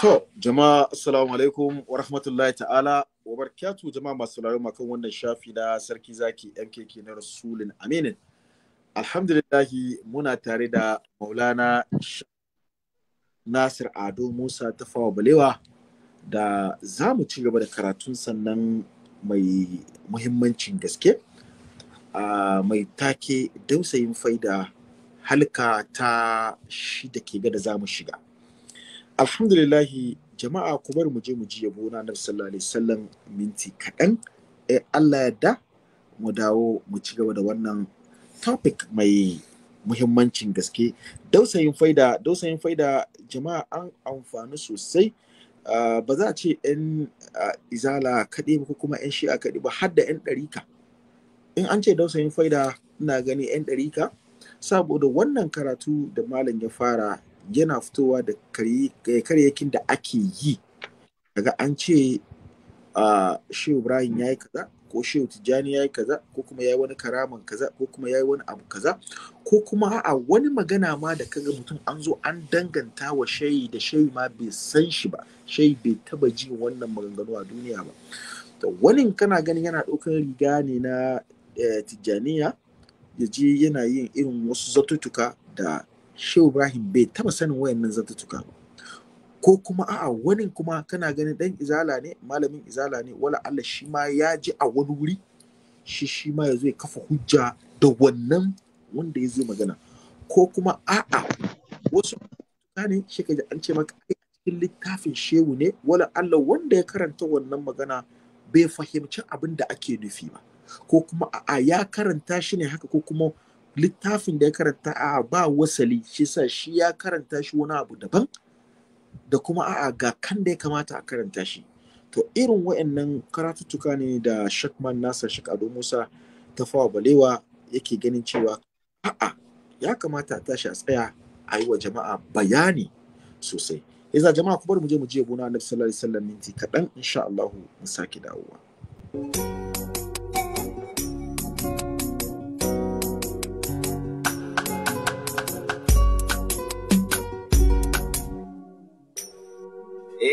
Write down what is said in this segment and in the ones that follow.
To, jama'a assalamu alaikum wa rahmatullahi ta'ala wa barkatu jama'a masu sauraro makan wannan shafi na sarki zaki MKK na Rasulun Aminin. Alhamdulillahi muna tare da Maulana Nasir Ado Musa Tafawa Balewa da za mu ci gaba da karatun sannan mai muhimmancin gaske a mai take dausayin faida halka ta shida ke gada za mu shiga. alhamdulillahi jama'a ku bari mu je mu ji yabo na nabi sallallahu alaihi wasallam minti kaɗan eh Allah ya da mu dawo mu ci gaba da wannan topic mai muhimmancin gaske dausayin faida dausayin faida jama'a an amfani sosai ah, ba za a ce 'yan ah, izala kaɗai ko kuma 'yan shi'a kaɗai ba har da 'yan ɗarika in an ce dausayin faida ina gani 'yan ɗarika saboda wannan karatu da malam ya fara yana fitowa da eh, karyakin da ake yi daga an ce shehu ibrahim ya yi kaza ko shehu tijjani ya yi kaza ko kuma ya yi wani karaman kaza ko kuma ya yi wani abu kaza ko kuma a wani magana ma da kaga mutum an zo an danganta wa shayi da shayi ma bai san shi ba shayi bai taba ji wannan maganganu a duniya ba to wani kana ganin yana ɗaukar riga ne na eh, tijjaniya ya je yana yin irin wasu zatutuka da Shehu Ibrahim bai taba sanin wayannan zattutuka ba ko kuma a'a wani kuma kana ganin dan izala ne malamin izala ne wala Allah shi ma ya ji a wani wuri shi shi ma ya ya kafa hujja da wannan wanda ya zo magana ko kuma a'a wasu ne shi ka an ce maka ai cikin littafin shehu ne wala Allah wanda ya karanta wannan magana bai fahimci abin da ake nufi ba ko kuma a'a ya karanta shi ne haka ko kuma littafin da ya karanta a ba wasali shi sa shi ya karanta shi wani abu daban da kuma a'a ga kan da ya kamata a karanta shi to irin wa'annan karatuttuka ne da shakman nasa shak ado musa ta fawa balewa yake ganin cewa a'a ya kamata a tashi a tsaya a yi wa jama'a bayani sosai yasa jama'a kuma mu je mu je gona annabi sallallahu alaihi wasallam minti kaɗan insha Allah mu sake dawowa.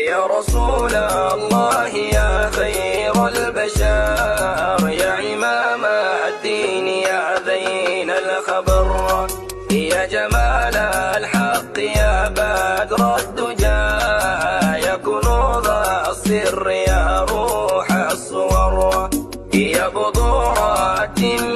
يا رسول الله يا خير البشر يا إمام الدين يا ذين الخبر يا جمال الحق يا بدر الدجى يا كنوض السر يا روح الصور يا بضوع الدماء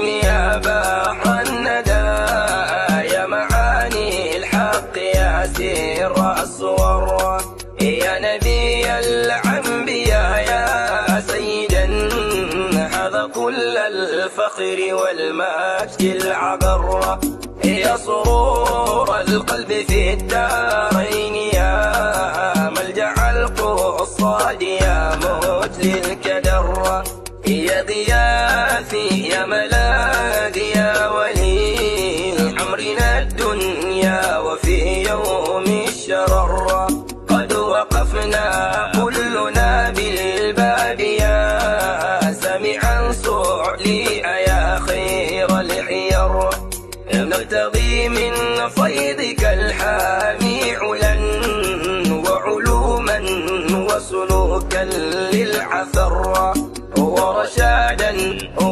يلعب الرف يا صرور القلب في الدارين يا ملجأ القصاد يا موت للكدر يا ضيافي يا ملجأ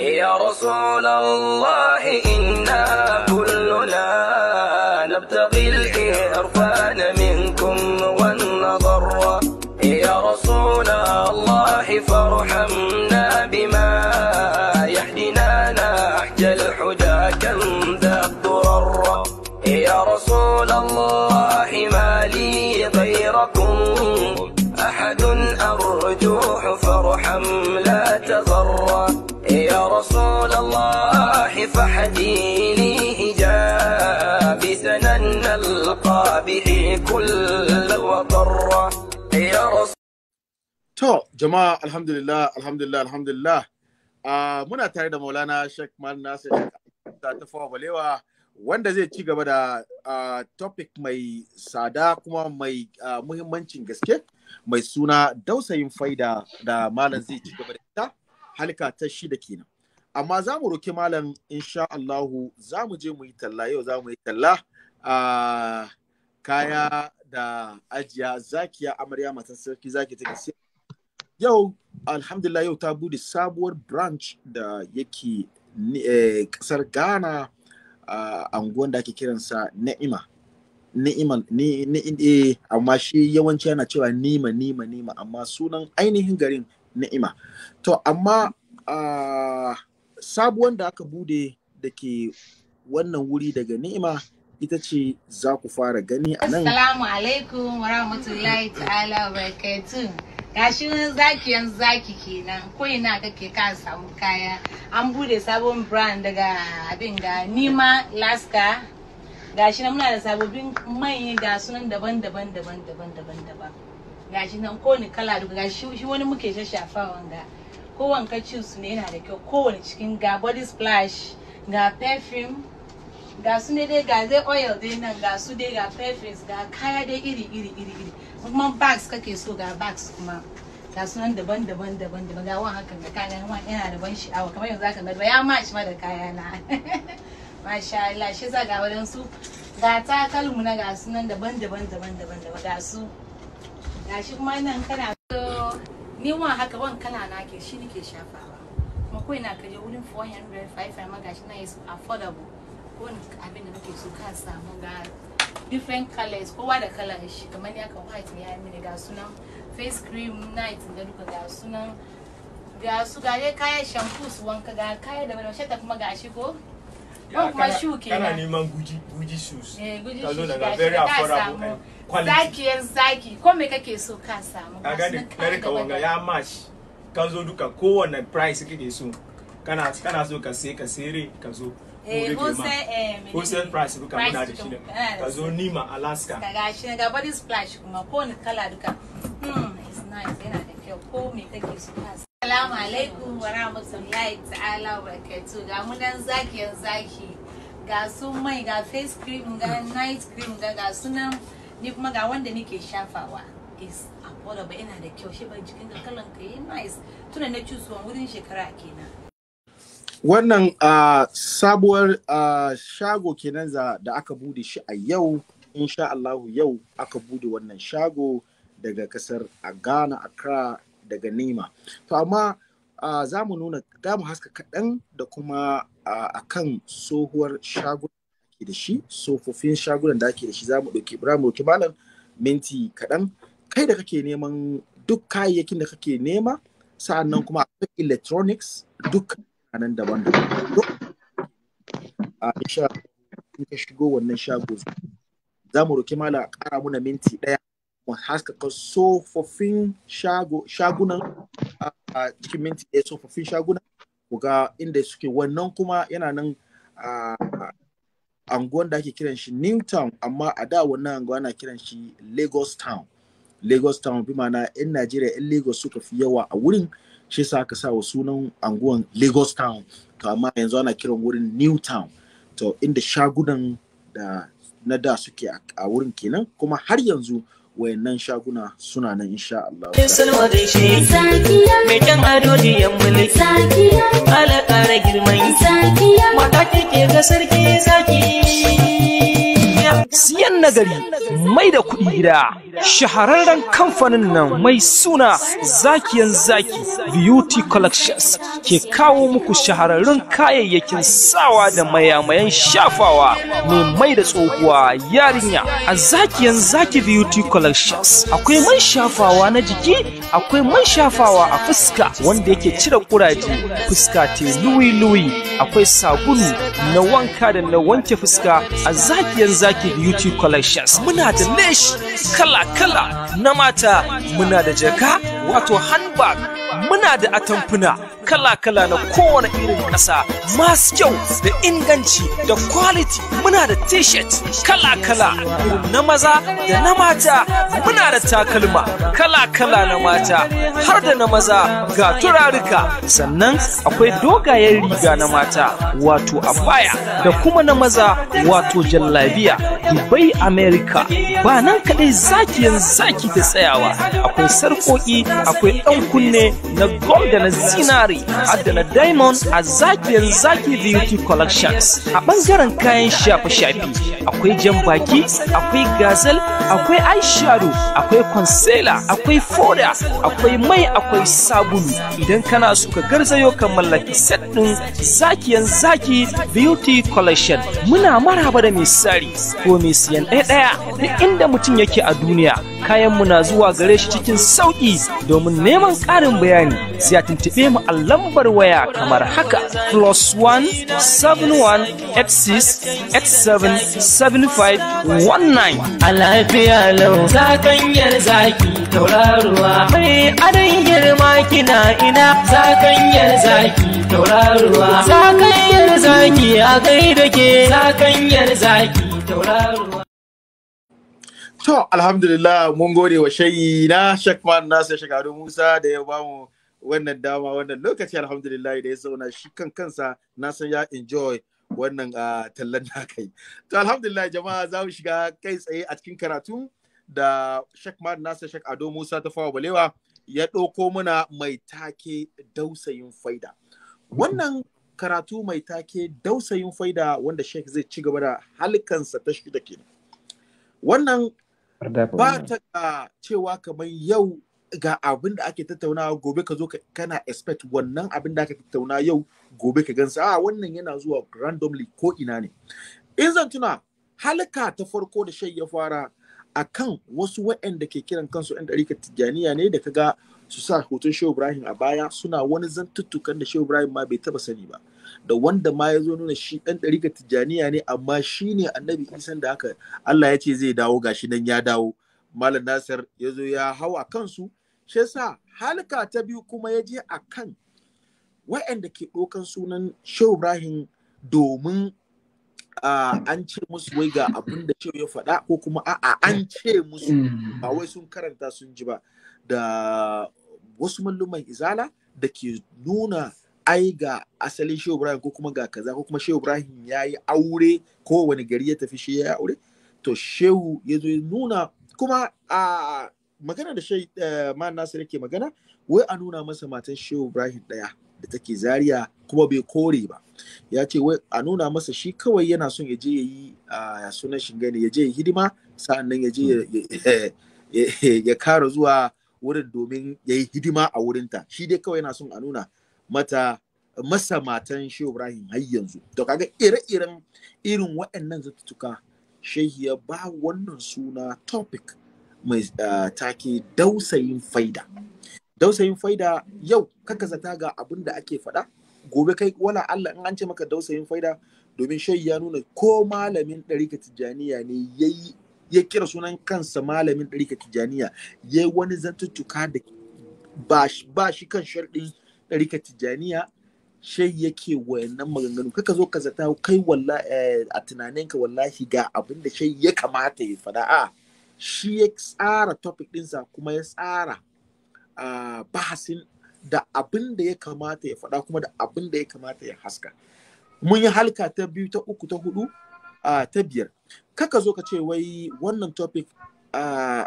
يا رسول الله إنا كلنا نبتغي الإرفان منكم والنظر يا رسول الله فرحا الله فحدي لي هجابي نلقى به كل وضرة يا رسول To, jama'a alhamdulillah, alhamdulillah, alhamdulillah. Uh, muna tare da Maulana Sheikh Man مال ta tafawa balewa wanda zai ci gaba da uh, topic mai sada kuma mai uh, muhimmancin gaske mai suna dausayin faida da malam zai ci gaba da ita halika ta shida kenan. amma za mu roki malam insha Allahu za mu je mu yi talla yau za mu yi talla a kaya da ajiya zakiya amarya matan sarki zaki take sai yau alhamdulillah yau ta bude sabuwar branch da yake eh, kasar Ghana a anguwan da ake kiransa Na'ima, ni'ima ni, ni, amma shi yawanci yana cewa nima nima nima amma sunan ainihin garin Na'ima. to amma sabuwan da aka bude da ke wannan wuri daga ni'ima ita ce za ku fara gani a nan. Assalamu alaikum wa rahmatullahi ta'ala wa barakatu. Gashi zaki yan zaki kenan ko ina kake ka samu kaya. An bude sabon brand daga abin ga Nima Laska. Gashi nan muna da sabobin manyan ga sunan daban-daban daban-daban daban-daban. Gashi nan kowane kala duka gashi wani muke shashafawan wanga. kowane kacin su ne yana da kyau kowane cikin ga body splash ga perfume ga su ne dai ga zai oil dai nan ga su dai ga perfumes ga kaya dai iri iri iri iri kuma bags kake so ga bags kuma ga sunan daban daban daban daban ga wan hakan ga kaya wani yana da ban sha'awa kamar yanzu zaka ga ya match ma da kaya na masha Allah shi za ga wadan su ga takalmu na ga sunan daban daban daban daban daban ga su ga shi kuma nan kana so ni wa haka wan kala na ke shi nake shafawa kuma ko ina kaje wurin 400 500 ma gashi na yasu affordable ko abin da nake so ka samu ga different colors kowa da kalan shi kamar ni aka white ya yi mini ga sunan face cream night da duka ga sunan ga su ga dai kayan shampoo su wanka ga kayan da bada shata kuma ga shi ko don kuma shu kenan kana neman guji guji shoes eh guji shoes ga shi ka zakiyar zaki ko me kake so ka samu a gani kare ka wanga ya mash ka zo duka kowane price kake so kana kana so ka sai ka sere ka zo eh, eh, wholesale price duka muna da shi ne ka zo nima alaska ka gashi ga body splash kuma kowane kala duka hmm it's nice yana da kyau ko me kake so ka Assalamu alaikum wa rahmatullahi ta'ala wa barakatuh ga mu nan zakiyar zaki ga su mai ga face cream ga night cream ga ga sunan ni kuma ga wanda nake shafawa is ba yana da kyau shi ba cikin ka kallon ka yi nice tuna na suwan wurin shekara kenan wannan a ah, sabuwar ah, shago kenan da aka bude shi a yau insha Allahu yau aka bude wannan shago daga kasar a Ghana Accra daga Nema to amma ah, za mu nuna za mu haska kaɗan da kuma a akan tsohuwar shago ake da shi tsofaffin shagunan da ake da shi za mu ɗauki za mu malam minti kaɗan kai da kake neman duk kayayyakin da kake nema sa'an nan kuma akwai electronics duk kanan daban daban a sha in ka shigo wannan shago za mu roki mala ƙara muna minti ɗaya mu haskaka tsofaffin shagunan a cikin minti ɗaya tsofaffin shagunan ku ga inda suke wannan kuma yana nan anguwan da ake kiran shi New Town, amma a da wannan anguwa ana kiran shi Lagos Town. Lagos Town bi ma'ana 'yan Najeriya 'yan Lagos suka fi yawa a wurin shi sa aka sa wa sunan anguwan Lagos Town. To amma yanzu ana kiran wurin New Town. To inda shagunan da na da suke a wurin kenan kuma har yanzu wayannan shaguna suna nan insha Allah. girman, ke ga sarki zaki. siyan nagari mai da kuɗi gida shahararren kamfanin nan mai suna zakiyan zaki beauty collections ke kawo muku shahararrun kayayyakin sawa da mayamayan shafawa mai mai da tsohuwa yarinya a zakiyan zaki beauty collections akwai man shafawa na jiki akwai man shafawa a fuska wanda yake cire kuraje fuska te luwi-luwi akwai sabulu na wanka da na wanke fuska a zakiyan zaki YouTube collections muna da lesh kala-kala na mata muna da jaka wato handbag muna da atamfuna kala-kala na kowane irin ƙasa masu kyau da inganci da kwaliti. muna da t-shirt kala-kala na maza da na mata muna da takalma kala-kala na mata har da na maza ga turarika sannan akwai dogayen riga na mata wato abaya da kuma na maza wato jallabiya dubai america ba nan kaɗai zaki yan zaki da tsayawa akwai sarƙoƙi akwai ɗan kunne na gold da na zinari har da na diamond a zakiyar zaki beauty collections a bangaren kayan shafe-shafe akwai jan baki akwai gazel akwai eyeshadow akwai concealer akwai foda akwai mai akwai sabulu idan kana so ka garzayo ka mallaki set din zakiyan zaki beauty collection muna maraba da misali ko mai siyan ɗaya ɗaya duk inda mutum yake a duniya kayan mu na zuwa gare shi cikin sauƙi domin neman ƙarin bayani bayani sai a tuntube mu a lambar waya kamar haka plus one seven one eight six eight seven seven five one nine. A lafiya lau zakanyar zaki tauraruwa mai adon girma kina ina zakanyar zaki tauraruwa zakanyar zaki a kai da ke zakanyar zaki tauraruwa. To, alhamdulillah mun gode wa shayi na Shekman Nasir Shekaru Musa da ya bamu wannan dama wannan lokaci alhamdulillah da ya zauna shi kan kansa na san ya enjoy wannan tallan na kai. To, alhamdulillah jama'a za mu shiga kai tsaye a cikin karatu da Shekman Nasir Shekaru Musa ta fawa balewa ya ɗauko muna mai take dausayin faida. Wannan karatu mai take dausayin faida wanda Sheikh zai ci gaba da halikansa ta shida Wannan ba ta da cewa kamar yau ga abin da ake tattaunawa gobe ka zo kana expect wannan abin da aka tattauna yau gobe ka gansa a wannan yana zuwa randomly ko ina ne in zan tuna halka ta farko da shai ya fara a kan wasu waɗanda ke kiran kansu 'yan ɗarika tijjaniya ne da ka ga su sa hoton shehu ibrahim a baya suna wani zantuttukan da shehu ibrahim ma bai taba sani ba da wanda ma ya zo nuna shi ɗan ɗarika tijjaniya ne amma shi ne annabi isan da haka Allah ya ce zai dawo gashi nan ya dawo malam nasir ya zo ya hau a kansu shi yasa halka ta biyu kuma ya je a kan wa'anda ke ɗokan sunan shehu ibrahim domin an ce musu wai ga abin da shehu ya faɗa ko kuma a'a an ce musu mm. ba wai sun karanta sun ji ba da wasu malluman izala da ke nuna ai ga asalin shehu ibrahim ko kuma ga kaza ko kuma shehu ibrahim ya yi aure ko wani gari ya tafi shi ya yi aure to shehu ya zo ya nuna kuma a magana da shai eh, ma nasir yake magana wai a nuna masa matan shehu ibrahim daya da take Zariya kuma bai kore ba ya ce wai a nuna masa shi kawai yana son ya je ya yi a sunan shingani ya je ya hidima sa'annan ya je ya kara zuwa wurin domin ya yi hidima a wurinta shi dai kawai yana son a nuna mata masa matan shehu ibrahim har yanzu to kaga ire-iren irin waɗannan zattutuka shehu ya ba wannan suna topic mai take dausayin faida dausayin faida yau kaka zata ga abin da ake faɗa gobe kai wala Allah in an ce maka dausayin faida domin shehu ya nuna ko malamin ɗarika tijjaniya ne yayi ya kira sunan kansa malamin ɗarika tijjaniya ya yi wani zantuttuka da ba shi kan sharɗin rika tijjaniya shai yake wayannan maganganu kaka zo ka zata kai walla eh, a tunaninka wallahi ga abin da shai ya kamata ya faɗa a shi ya tsara topic ɗinsa kuma ya tsara bahasin da abin da ya kamata ya faɗa kuma da abin da ya kamata ya haska mun yi halka ta biyu ta uku ta hudu ta biyar kaka zo ka ce wai wannan topic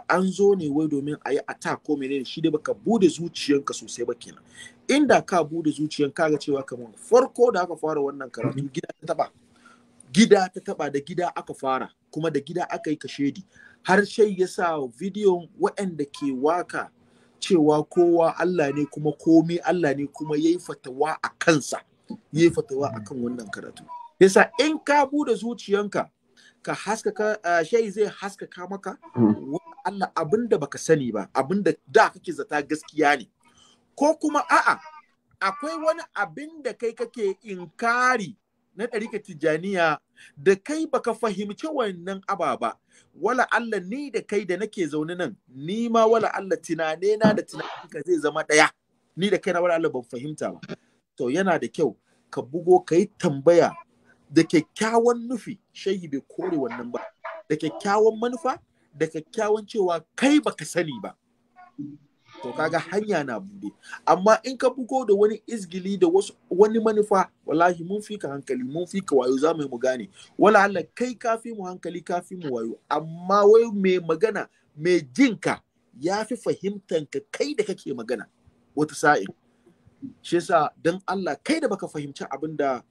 an zo ne wai domin a yi ata ko menene shi dai baka bude zuciyanka sosai ba kenan inda ka bude zuciyan ga cewa kamar farko da aka fara wannan karatu mhm. gida ta taba gida ta taba da gida aka fara kuma da gida aka yi kashedi har shai ya sa bidiyon waɗanda ke waka cewa kowa Allah ne kuma komi Allah ne kuma ya yi fatawa a kansa ya yi fatawa a mhm. kan wannan karatu yasa in ka bude zuciyanka ka haskaka shayi zai haskaka maka hmm. Allah abin da baka sani ba abin da da kake zata gaskiya ne ko kuma a'a akwai wani abin da kai kake inkari na ɗarika tijaniya da kai baka fahimci wannan ababa wala Allah ni da kai da nake zaune nan ni ma wala Allah tunane na da tunaninka zai zama ɗaya ni da kai na wala Allah ban fahimta ba to yana da kyau ka bugo ka yi tambaya da kyakkyawan nufi shehi bai kore wannan ba da kyakkyawan manufa da kyakkyawan cewa kai baka sani ba to kaga hanya na bude amma in ka bugo da wani izgili da wasu wani manufa wallahi mun fi ka hankali mun fi wayo za mu yi mu gane wala Allah kai ka fi mu hankali ka fi mu wayo amma wai mai magana mai jinka ya fi fahimtan ka kai da kake magana wata sa'in shi yasa dan Allah kai da baka fahimci abin da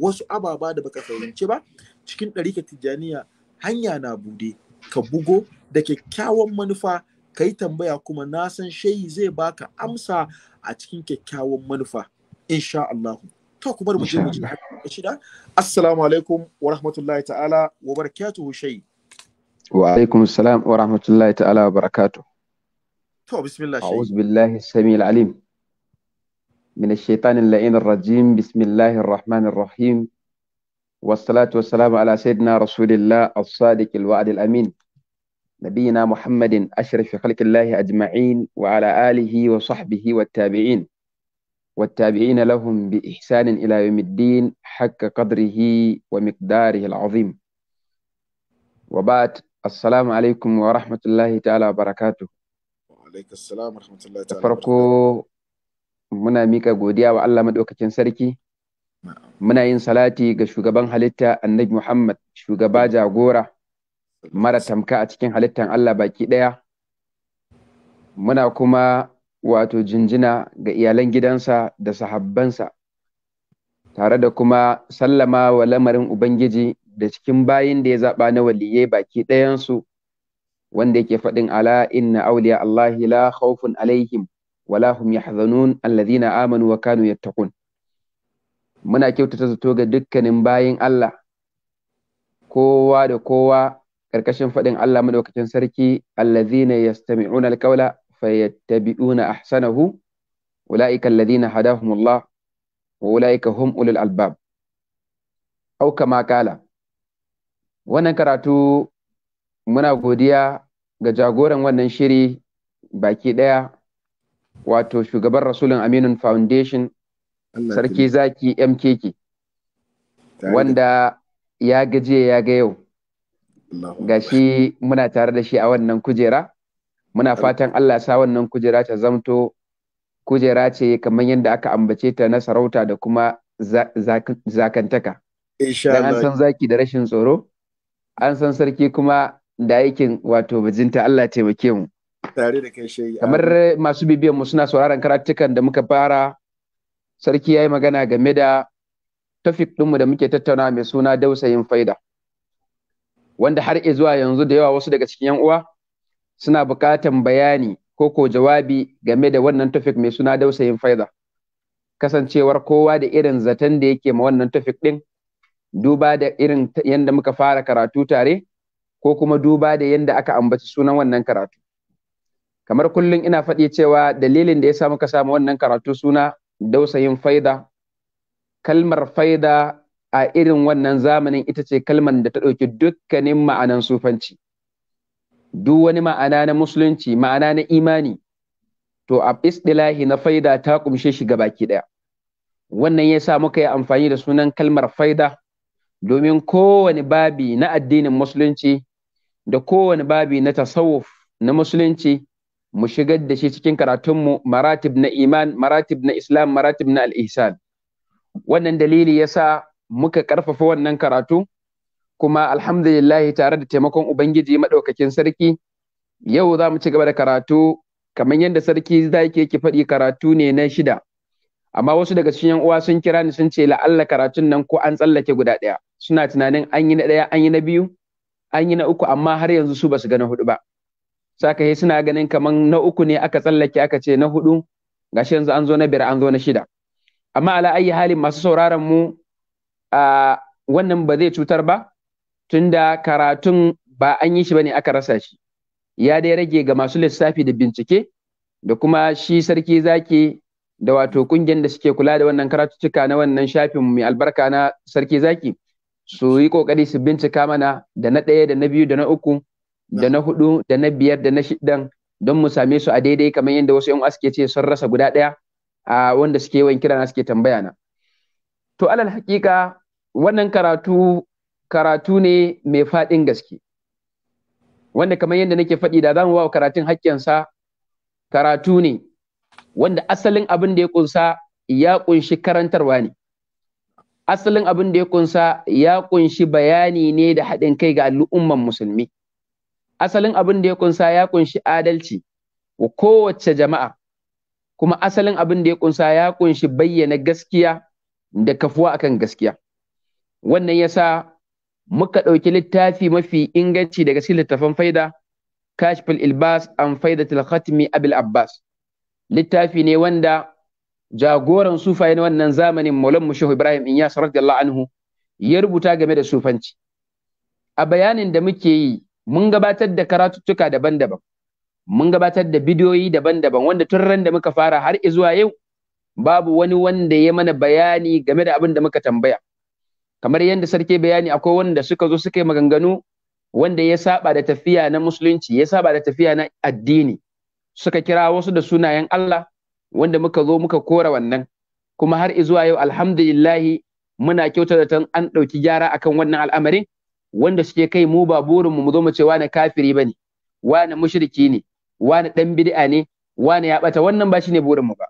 wasu ababa da baka fahimci ba cikin ɗarika tijjaniya hanya na bude ka bugo da kyakkyawan manufa ka yi tambaya kuma na san shayi zai baka amsa a cikin kyakkyawan manufa insha Allah to ku bar mu je mu shida assalamu alaikum wa rahmatullahi ta'ala wa barakatuhu shayi wa alaikum assalam wa rahmatullahi ta'ala wa barakatuhu to bismillah shayi a'udhu billahi as alim من الشيطان اللعين الرجيم بسم الله الرحمن الرحيم والصلاة والسلام على سيدنا رسول الله الصادق الوعد الأمين نبينا محمد أشرف خلق الله أجمعين وعلى آله وصحبه والتابعين والتابعين لهم بإحسان إلى يوم الدين حق قدره ومقداره العظيم وبعد السلام عليكم ورحمة الله تعالى وبركاته وعليك السلام ورحمة الله تعالى وبركاته muna mika godiya wa Allah maɗaukakin sarki muna yin salati ga shugaban halitta annabi Muhammad shugaba jagora mara tamka a cikin halittan Allah baki ɗaya muna kuma wato jinjina ga iyalan gidansa da sahabbansa tare da kuma sallama wa lamarin Ubangiji da cikin bayin da ya zaɓa na waliye baki ɗayansu wanda yake faɗin ala inna auliya Allahi la khawfun alaihim wala hum yahzanun alladhina amanu wa kanu yattaqun muna kyautata zato ga dukkanin bayin Allah kowa da kowa karkashin fadin Allah madaukakin sarki allazina yastami'una alqawla fayattabi'una ahsanahu ulaika hadahum Allah wa ulaika hum ulul albab aw kama kala wannan karatu muna godiya ga jagoran wannan shiri baki ɗaya wato shugaban rasulun aminun foundation sarki zaki mkk wanda ya gaje ya ga yau Ga shi muna tare da shi a wannan kujera muna fatan allah sa wannan kujera ta zamto kujera ce kamar yadda aka ambace ta na sarauta da kuma zakantaka dan an san zaki da rashin tsoro an san sarki kuma da aikin wato bajinta allah taimake mu tare da kai kamar masu bibiyan mu suna sauraron karatukan da muka fara sarki yayi magana game da topic ɗinmu da muke tattauna mai suna dausayin faida wanda har zuwa yanzu da yawa wasu daga cikin yan uwa suna buƙatan bayani ko ko jawabi game da wannan topic mai suna dausayin faida kasancewar kowa da irin zaton da yake ma wannan topic ɗin duba da irin yadda muka fara karatu tare ko kuma duba da yadda aka ambaci sunan wannan karatu kamar kullum ina faɗi cewa dalilin da ya sa muka samu wannan karatu suna dausayin faida kalmar faida a irin wannan zamanin ita ce kalmar da ta ɗauki dukkanin ma'anan sufanci duk wani ma'ana na musulunci ma'ana na imani to a istilahi na faida ta kumshe shi ga baki ɗaya wannan ya sa muka yi amfani da sunan kalmar faida domin kowane babi na addinin musulunci da kowane babi na tasawuf na musulunci mu shigar da shi cikin karatunmu maratib na iman maratib na islam maratib na al'isan. wannan dalili sa muka karfafa wannan karatu kuma alhamdulillahi tare da taimakon ubangiji maɗaukakin sarki yau za mu ci gaba da karatu kamar yadda sarki za ki faɗi karatu ne na shida amma wasu daga cikin uwa sun kira ni sun ce la'alla karatun nan ko an tsallake guda ɗaya suna tunanin an yi na ɗaya an yi na biyu an yi na uku amma har yanzu su basu ga na hudu ba saka he suna ganin kaman na uku ne aka tsallake aka ce na hudu gashi yanzu an zo na biyar an zo na shida amma ala ayi halin masu sauraron mu a wannan ba zai cutar ba tunda karatun ba an yi shi bane aka rasa shi ya dai rage ga masu lissafi da bincike da kuma shi sarki zaki da wato kungiyar da suke kula da wannan karatuttuka na wannan shafin mai albarka na sarki zaki su yi kokari su bincika mana da na ɗaya da na biyu da na uku da na hudu da na biyar da na shidan don mu same su a daidai kamar yadda wasu yan suke ce sun rasa guda ɗaya a wanda suke yawan kira na tambaya na to alal hakika wannan karatu karatu ne mai faɗin gaske wanda kamar yadda nake faɗi da za mu ba karatun haƙƙinsa karatu ne wanda asalin abin da ya kunsa ya kunshi karantarwa ne asalin abin da ya kunsa ya kunshi bayani ne da haɗin kai ga al'umman musulmi asalin abin da ya kunsa ya kunshi adalci wa kowace jama'a kuma asalin abin da ya kunsa ya kunshi bayyana gaskiya da kafuwa akan gaskiya wannan yasa muka ɗauki littafi mafi inganci daga cikin littafan faida kashful ilbas an faidatul khatmi abil abbas littafi ne wanda jagoran sufaye na wannan zamanin maulan mu shehu ibrahim inyas radiyallahu anhu ya rubuta game da sufanci a bayanin da muke yi mun gabatar da karatuttuka daban-daban mun gabatar da bidiyoyi daban-daban wanda tun ran da muka fara har zuwa yau babu wani wanda ya mana bayani game da abin da muka tambaya kamar yadda sarki bayani akwai wanda suka zo suka yi maganganu wanda ya saba da tafiya na musulunci ya saba da tafiya na addini suka kira wasu da sunayen Allah wanda muka zo muka kora wannan kuma har zuwa yau alhamdulillahi muna kyauta da an ɗauki gyara akan wannan al'amarin wanda suke kai mu ba burinmu mu zo mu ce wani kafiri ba ne wani mushriki ne wani ɗan bid'a ne wani ya bata wannan ba shi ne burinmu ba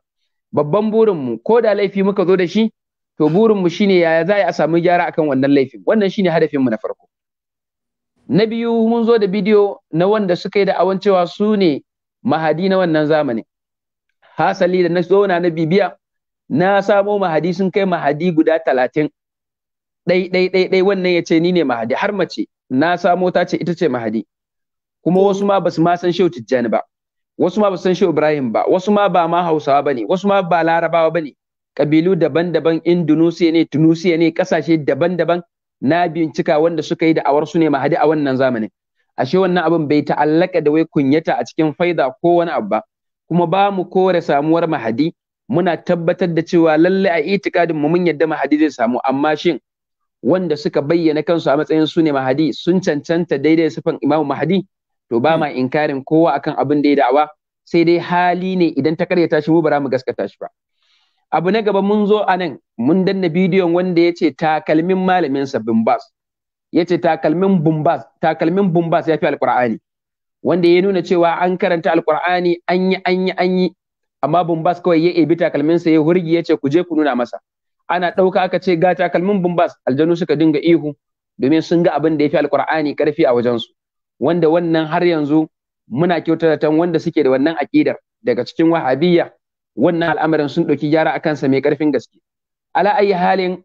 babban burinmu ko da laifi muka zo da shi to burinmu shi ne yaya za a samu gyara akan wannan laifin wannan shi ne hadafinmu na farko na biyu mun zo da bidiyo na wanda suka yi da'awan cewa su ne mahadi na wannan zamanin hasali da na zauna na bibiya na samo mahadi sun kai mahadi guda talatin ɗai ɗai ɗai wannan ya ce ni ne mahadi har mace na samo ta ce ita ce mahadi kuma wasu ma basu ma san shehu tijjani ba wasu ma basu san shehu ibrahim ba wasu ma ba ma hausawa ba ne wasu ma ba larabawa ba ne kabilu daban-daban indonesia ne tunisia ne ƙasashe daban-daban na bincika wanda suka yi da'awar su ne mahadi a wannan zamanin ashe wannan abin bai ta'allaka da wai kunyata a cikin faida ko wani abu ba kuma ba mu kore samuwar mahadi muna tabbatar da cewa lalle a itikadin mu mun yadda mahadi zai samu amma shin wanda suka bayyana kansu a matsayin su ne mahadi sun cancanta daidai sifan imamu mahadi to ba ma hmm. inkarin kowa akan abin da ya da'wa sai dai hali ne idan ta karyata shi mu bara mu gaskata shi ba abu na gaba mun zo a nan mun danna bidiyon wanda ya ce takalmin malamin sa bumbas ya ce takalmin bumbas takalmin bumbas ya fi alqur'ani wanda ya nuna cewa an karanta alqur'ani an yi an amma bumbas kawai ya ebi takalmin sa ya hurgi ya ce ku je ku nuna masa ana ɗauka aka ce ga takalmin bumbas aljanu suka dinga ihu domin sun ga abin da ya fi alkur'ani ƙarfi a wajensu wanda wannan har yanzu muna tan wanda suke da wannan aƙidar daga cikin wahabiyya wannan al'amarin sun ɗauki gyara a kansa mai ƙarfin gaske ala ayi halin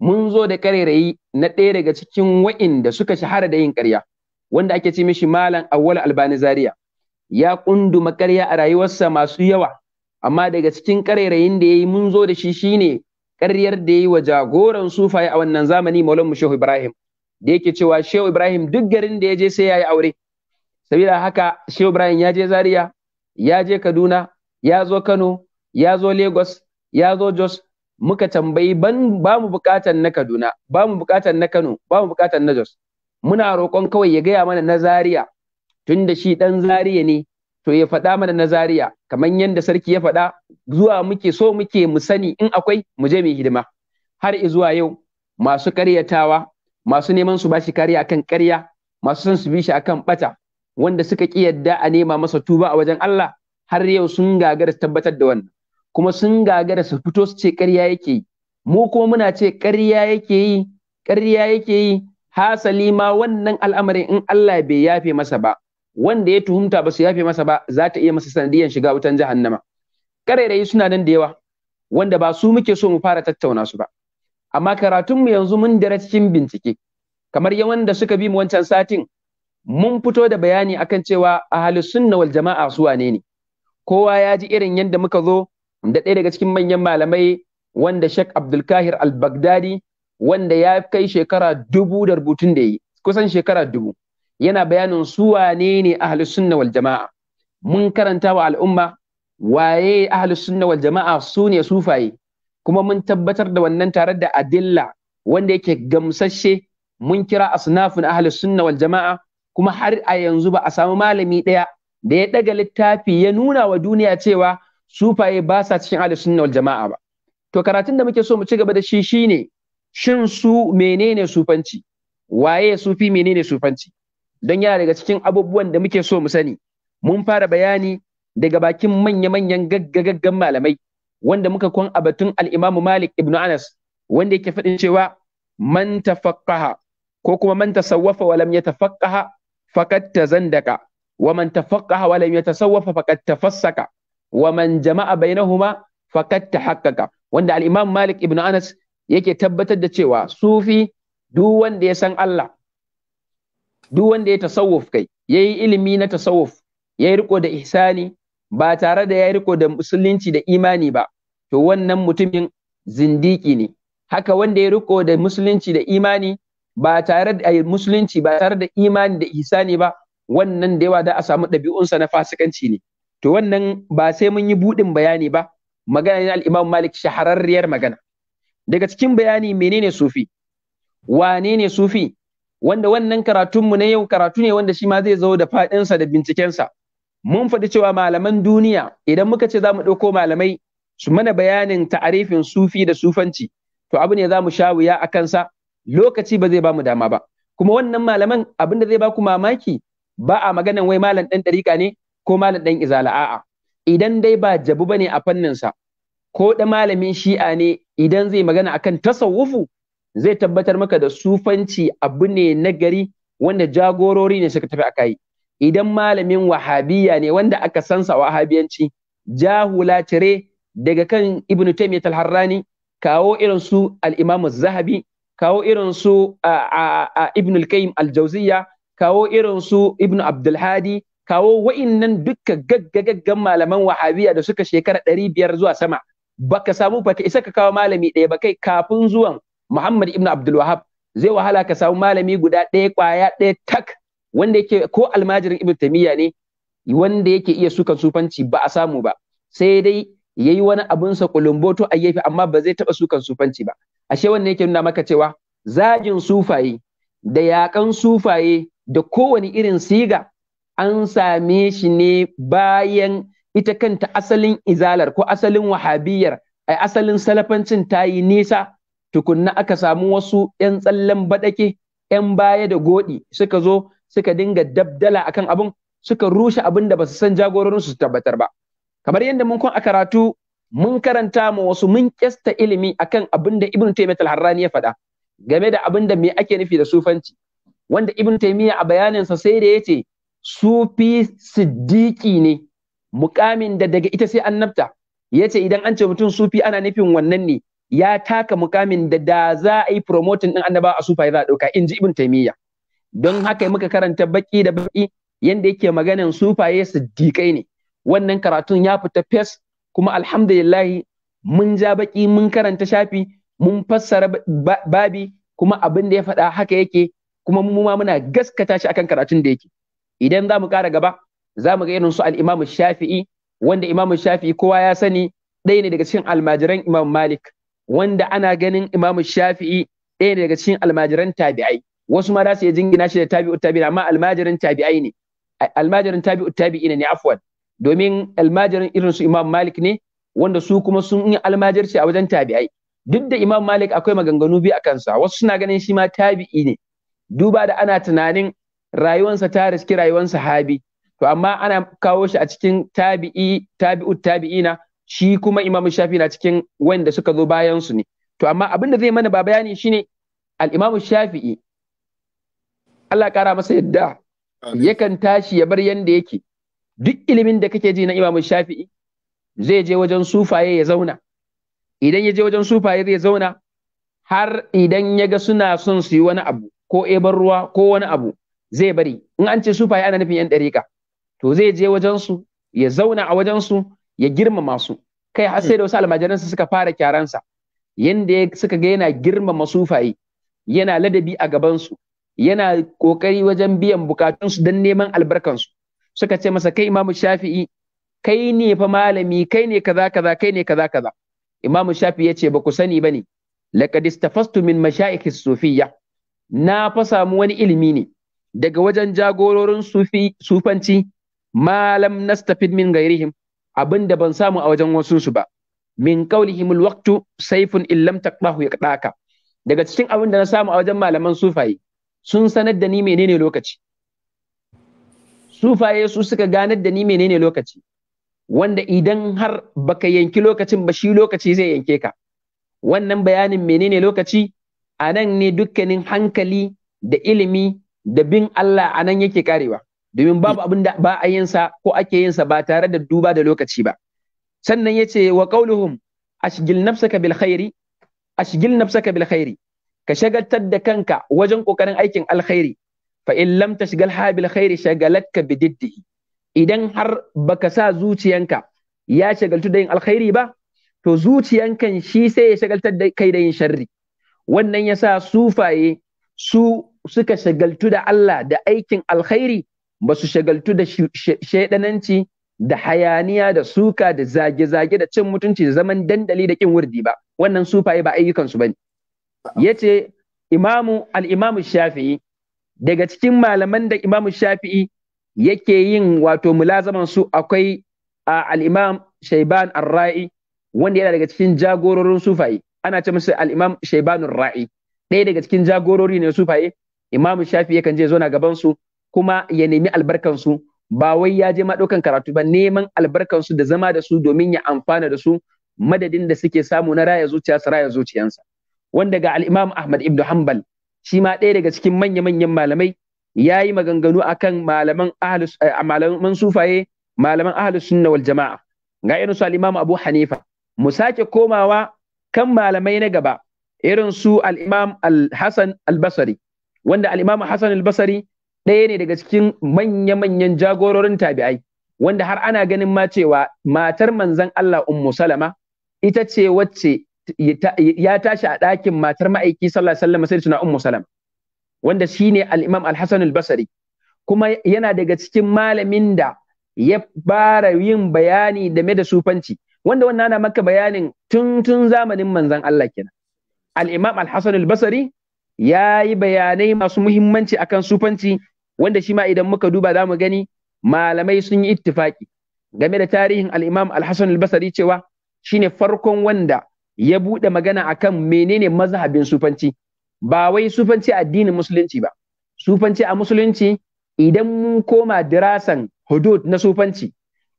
mun zo da ƙarairayi na ɗaya daga cikin wa'inda suka shahara da yin ƙarya wanda ake ce mishi malam awwal albani zaria ya kunduma ƙarya a rayuwarsa masu yawa amma daga cikin ƙarairayin da ya yi mun zo da shi shine ƙaryar da ya yi wa jagoran sufaye a wannan zamani maulan shehu ibrahim da yake cewa shehu ibrahim duk garin da ya je sai ya yi aure sabida haka shehu ibrahim ya je zaria ya je kaduna ya zo kano ya zo lagos ya zo jos muka tambayi ban ba mu bukatan na kaduna ba mu bukatan na kano ba mu bukatan na jos muna roƙon kawai ya gaya mana na zaria tunda shi ɗan zaria ne to ya faɗa mana na Zariya kamar yadda sarki ya faɗa zuwa muke so muke mu sani in akwai mu je mu hidima har zuwa yau masu karyatawa masu neman su bashi kariya akan karya masu son su bi shi akan ɓata, wanda suka ki yadda a nema masa tuba a wajen Allah har yau sun gagara su tabbatar da wannan kuma sun gagara su fito su ce karya yake yi mu kuma muna ce karya yake yi karya yake yi hasali ma wannan al'amarin in Allah bai yafe masa ba wanda ya tuhumta ba su yafe masa ba za ta iya masa sanadiyan shiga wutan jahannama karairayi suna nan da yawa wanda ba su muke so mu fara tattauna su ba amma karatunmu yanzu mun dare cikin bincike kamar yawan da suka bi mu wancan satin mun fito da bayani akan cewa ahlus sunna wal jama'a su wane ne kowa ya ji irin yadda muka zo da ɗaya daga cikin manyan malamai wanda Sheikh Abdul Kahir Al-Baghdadi wanda ya kai shekara dubu da rubutun da yi kusan shekara dubu yana bayanin su wane ne ahli sunna wal jama'a mun karanta wa al'umma waye ahli sunna wal jama'a su ne sufaye kuma mun tabbatar da wannan tare da adilla wanda yake gamsasshe mun kira asnafin ahli sunna wal jama'a kuma har a yanzu ba a samu malami ɗaya da ya daga littafi ya nuna wa duniya cewa sufaye ba sa cikin ahli sunna wal jama'a ba to karatun da muke so mu ci gaba da shi shine shin su menene sufanci waye sufi menene sufanci don yana daga cikin abubuwan da muke so mu sani mun fara bayani daga bakin manya-manyan gaggagaggan malamai wanda muka kwan a batun al'imamu malik Ibn anas wanda yake faɗin cewa man tafaqqaha ko kuma man tasawwafa wa lam yatafaqqaha faqad tazandaka wa man tafaqqaha wa lam yatasawwafa faqad tafassaka wa man jama'a bainahuma faqad tahaqqaqa wanda al-imam malik Ibn anas yake tabbatar da cewa sufi duk wanda ya san Allah duk wanda ya tasawuf kai ya yi ilimi na tasawuf yayi riko da ihsani ba tare da yayi riko da musulunci da imani ba to wannan mutumin zindiki ne haka wanda ya riko da musulunci da imani ba tare da eh, musulunci ba tare da imani da ihsani ba wannan da yawa da a samu ɗabi'unsa na fasikanci ne to wannan ba sai mun yi buɗin bayani ba magana ne al-Imam Malik shahararriyar magana daga cikin bayani menene sufi wane ne sufi wanda wannan karatunmu na yau karatu ne wanda shi ma zai zo da faɗinsa da bincikensa mun faɗi cewa malaman duniya idan muka ce za mu ɗauko malamai su mana bayanin ta'arifin sufi da sufanci to abu ne za mu sha wuya a kansa lokaci ba zai ba mu dama ba kuma wannan malaman abin da zai ba ku mamaki ba a maganan wai malam ɗan ɗariƙa ne ko malam ɗan izala a'a idan dai ba jabu bane a fanninsa ko da malamin shi'a ne idan zai magana akan tasawufu zai tabbatar maka da sufanci abu ne na gari wanda jagorori ne suka tafi aka yi idan malamin wahabiya ne wanda aka sansa wahabiyanci jahula cire daga kan ibn taymiyyah al-harrani kawo irin su al-imam az-zahabi kawo irin su ibn al-qayyim al-jawziyya kawo irin su ibn abdul hadi kawo wa'innan dukka gaggagaggan malaman wahabiya da suka shekara ɗari biyar zuwa sama baka samu baka isa ka kawo malami ɗaya ba kai kafin zuwan Muhammad ibn Abdul Wahab zai wahala ka samu malami guda ɗaya ƙwaya ɗaya tak wanda yake ko almajirin ibn Taymiyyah ne wanda yake iya sukan sufanci ba a samu ba sai dai yayi wani abun sa kulumboto a gefe amma ba zai taɓa sukan sufanci ba ashe wannan yake nuna maka cewa zagin sufaye da yakan sufaye da kowane irin siga an same shi ne bayan ita kanta asalin izalar ko asalin wahabiyar ai asalin salafancin ta yi nisa tukunna aka samu wasu 'yan tsallen baɗake 'yan baya da godi suka zo suka dinga dabdala akan abin suka rushe abin da ba su san jagororin su tabbatar ba kamar yadda mun kun a karatu mun karanta ma wasu mun kyasta ilimi akan abin da ibn taymiyyah al-harrani ya faɗa game da abin da me ake nufi da sufanci wanda ibn taymiyyah a bayanin sa sai da yace sufi siddiqi ne mukamin da daga ita sai annabta yace idan an ce mutum sufi ana nufin wannan ne ya taka mukamin da da za a yi promoting din annaba a sufaye za a ɗauka inji ibn taymiya don haka muka karanta baki da baki yanda yake maganan sufaye siddiqai ne wannan karatun ya fita fes kuma alhamdulillahi mun ja baki mun karanta shafi mun fassara babi kuma abin da ya faɗa haka yake kuma mu ma muna gaskata shi akan karatun da yake idan za mu ƙara gaba za mu ga irin su al-Imam Shafi'i wanda Imam Shafi'i kowa ya sani ɗaya ne daga cikin almajiran Imam Malik wanda ana ganin Imam Shafi'i ɗaya daga cikin almajiran tabi'ai wasu ma za su iya jingina shi da tabi'u tabi'in amma almajiran tabi'ai ne Almajiran tabi'u tabi'ina ne afwan domin almajiran irin su Imam Malik ne wanda su kuma sun yi almajirci a wajen tabi'ai duk da Imam Malik akwai maganganu biyu a kansa wasu suna ganin shi ma tabi'i ne duba da ana tunanin rayuwansa ta riski rayuwan sahabi to amma ana kawo shi a cikin tabi'i tabi'u tabi'ina shi kuma Imam Shafi na cikin wanda suka zo bayan su ne to amma abin da zai mana ba bayani shine al-Imam Shafi'i Allah kara masa yadda yakan tashi ya bar yanda yake duk ilimin da kake ji na Imam Shafi'i zai je wajen sufaye ya zauna idan ya je wajen sufaye zai zauna har idan ya ga suna son su yi wani abu ko ebar ruwa ko wani abu zai bari in an ce sufaye ana nufin yan dariƙa to zai je wajen su ya zauna a wajen su ya girmama su kai har sai da wasu almajiransa suka fara kyaransa yanda suka ga yana girmama sufaye yana ladabi a gabansu yana kokari wajen biyan bukatunsu don neman albarkansu suka ce masa kai imamu shafi'i kai ne fa malami kai ne kaza kaza kai ne kaza kaza imamu shafi'i ya ce ba ku sani bane laqad istafastu min mashayikhis sufiyya na fa samu wani ilimi ne daga wajen jagororin sufi sufanci malam nastafid min gairihim abin da ban samu a wajen wasu su ba min qaulihimul waqtu sayfun illam taqdahu yaqdaka daga cikin abin da na samu a wajen malaman sufaye sun sanar da ni menene lokaci sufaye su suka ganar da ni menene lokaci wanda idan har baka yanki lokacin ba shi lokaci zai yanke ka wannan bayanin menene lokaci anan ne dukkanin hankali da ilimi da bin Allah a nan yake karewa domin babu abin da ba a yin sa ko ake yin sa ba tare da duba da lokaci ba sannan yace wa qauluhum ashghil nafsaka bil khairi ashghil nafsaka bil khairi ka shagaltar da kanka wajen kokarin aikin alkhairi fa in lam tashgal ha bil khairi shagalatka bididdihi idan har baka sa zuciyanka ya shagaltu da yin alkhairi ba to zuciyankan shi sai ya shagaltar da kai da yin sharri wannan yasa sufaye su suka shagaltu da Allah da aikin alkhairi ba su shagaltu da shaidananci da hayaniya da suka da zage-zage da cin mutunci da zaman dandali da kin wurdi ba wannan sufaye ba ayyukansu ba ne yace imamu al shafi'i daga cikin malaman da imamu shafi'i yake yin wato mulazaman su akwai al-imam shaiban ar-ra'i wanda yana daga cikin jagororin sufaye ana ce masa al-imam ra'i ɗaya daga cikin jagorori ne sufaye imamu shafi'i yakan je zauna gaban su kuma ya nemi albarkansu ba wai ya je maɗaukan karatu ba neman albarkansu da zama da su domin ya amfana da su madadin da suke samu na raya zuciya su raya zuciyansa wanda ga al'imam Ahmad ibn Hanbal shi ma ɗaya daga cikin manya-manyan malamai ya yi maganganu akan malaman ahlus eh, malaman sufaye malaman ahlus sunna wal jama'a ga irin su al'imam Abu Hanifa mu sake komawa kan malamai na gaba irin su al'imam wanda al-Imam Hasan al basri wanda al'imam hasan al basri ɗaya ne daga cikin manya-manyan jagororin tabi'ai wanda har ana ganin ma cewa matar manzan Allah ummu salama ita ce wacce ya tashi a ɗakin matar ma'aiki sallallahu alaihi wasallam sai suna ummu salama wanda shine al-imam al-hasan al-basri kuma yana daga cikin malamin da ya fara yin bayani game da sufanci wanda wannan ana maka bayanin tun tun zamanin manzan Allah kenan al-imam al-hasan al-basri ya yi bayanai masu muhimmanci akan sufanci wanda shi ma idan muka duba za mu gani malamai sun yi ittifaki game da tarihin alimam Alhassan al al cewa shine farkon wanda ya buɗe magana a akan menene mazhabin sufanci ba wai sufanci addinin musulunci ba sufanci a musulunci idan mun koma dirasan hudud na sufanci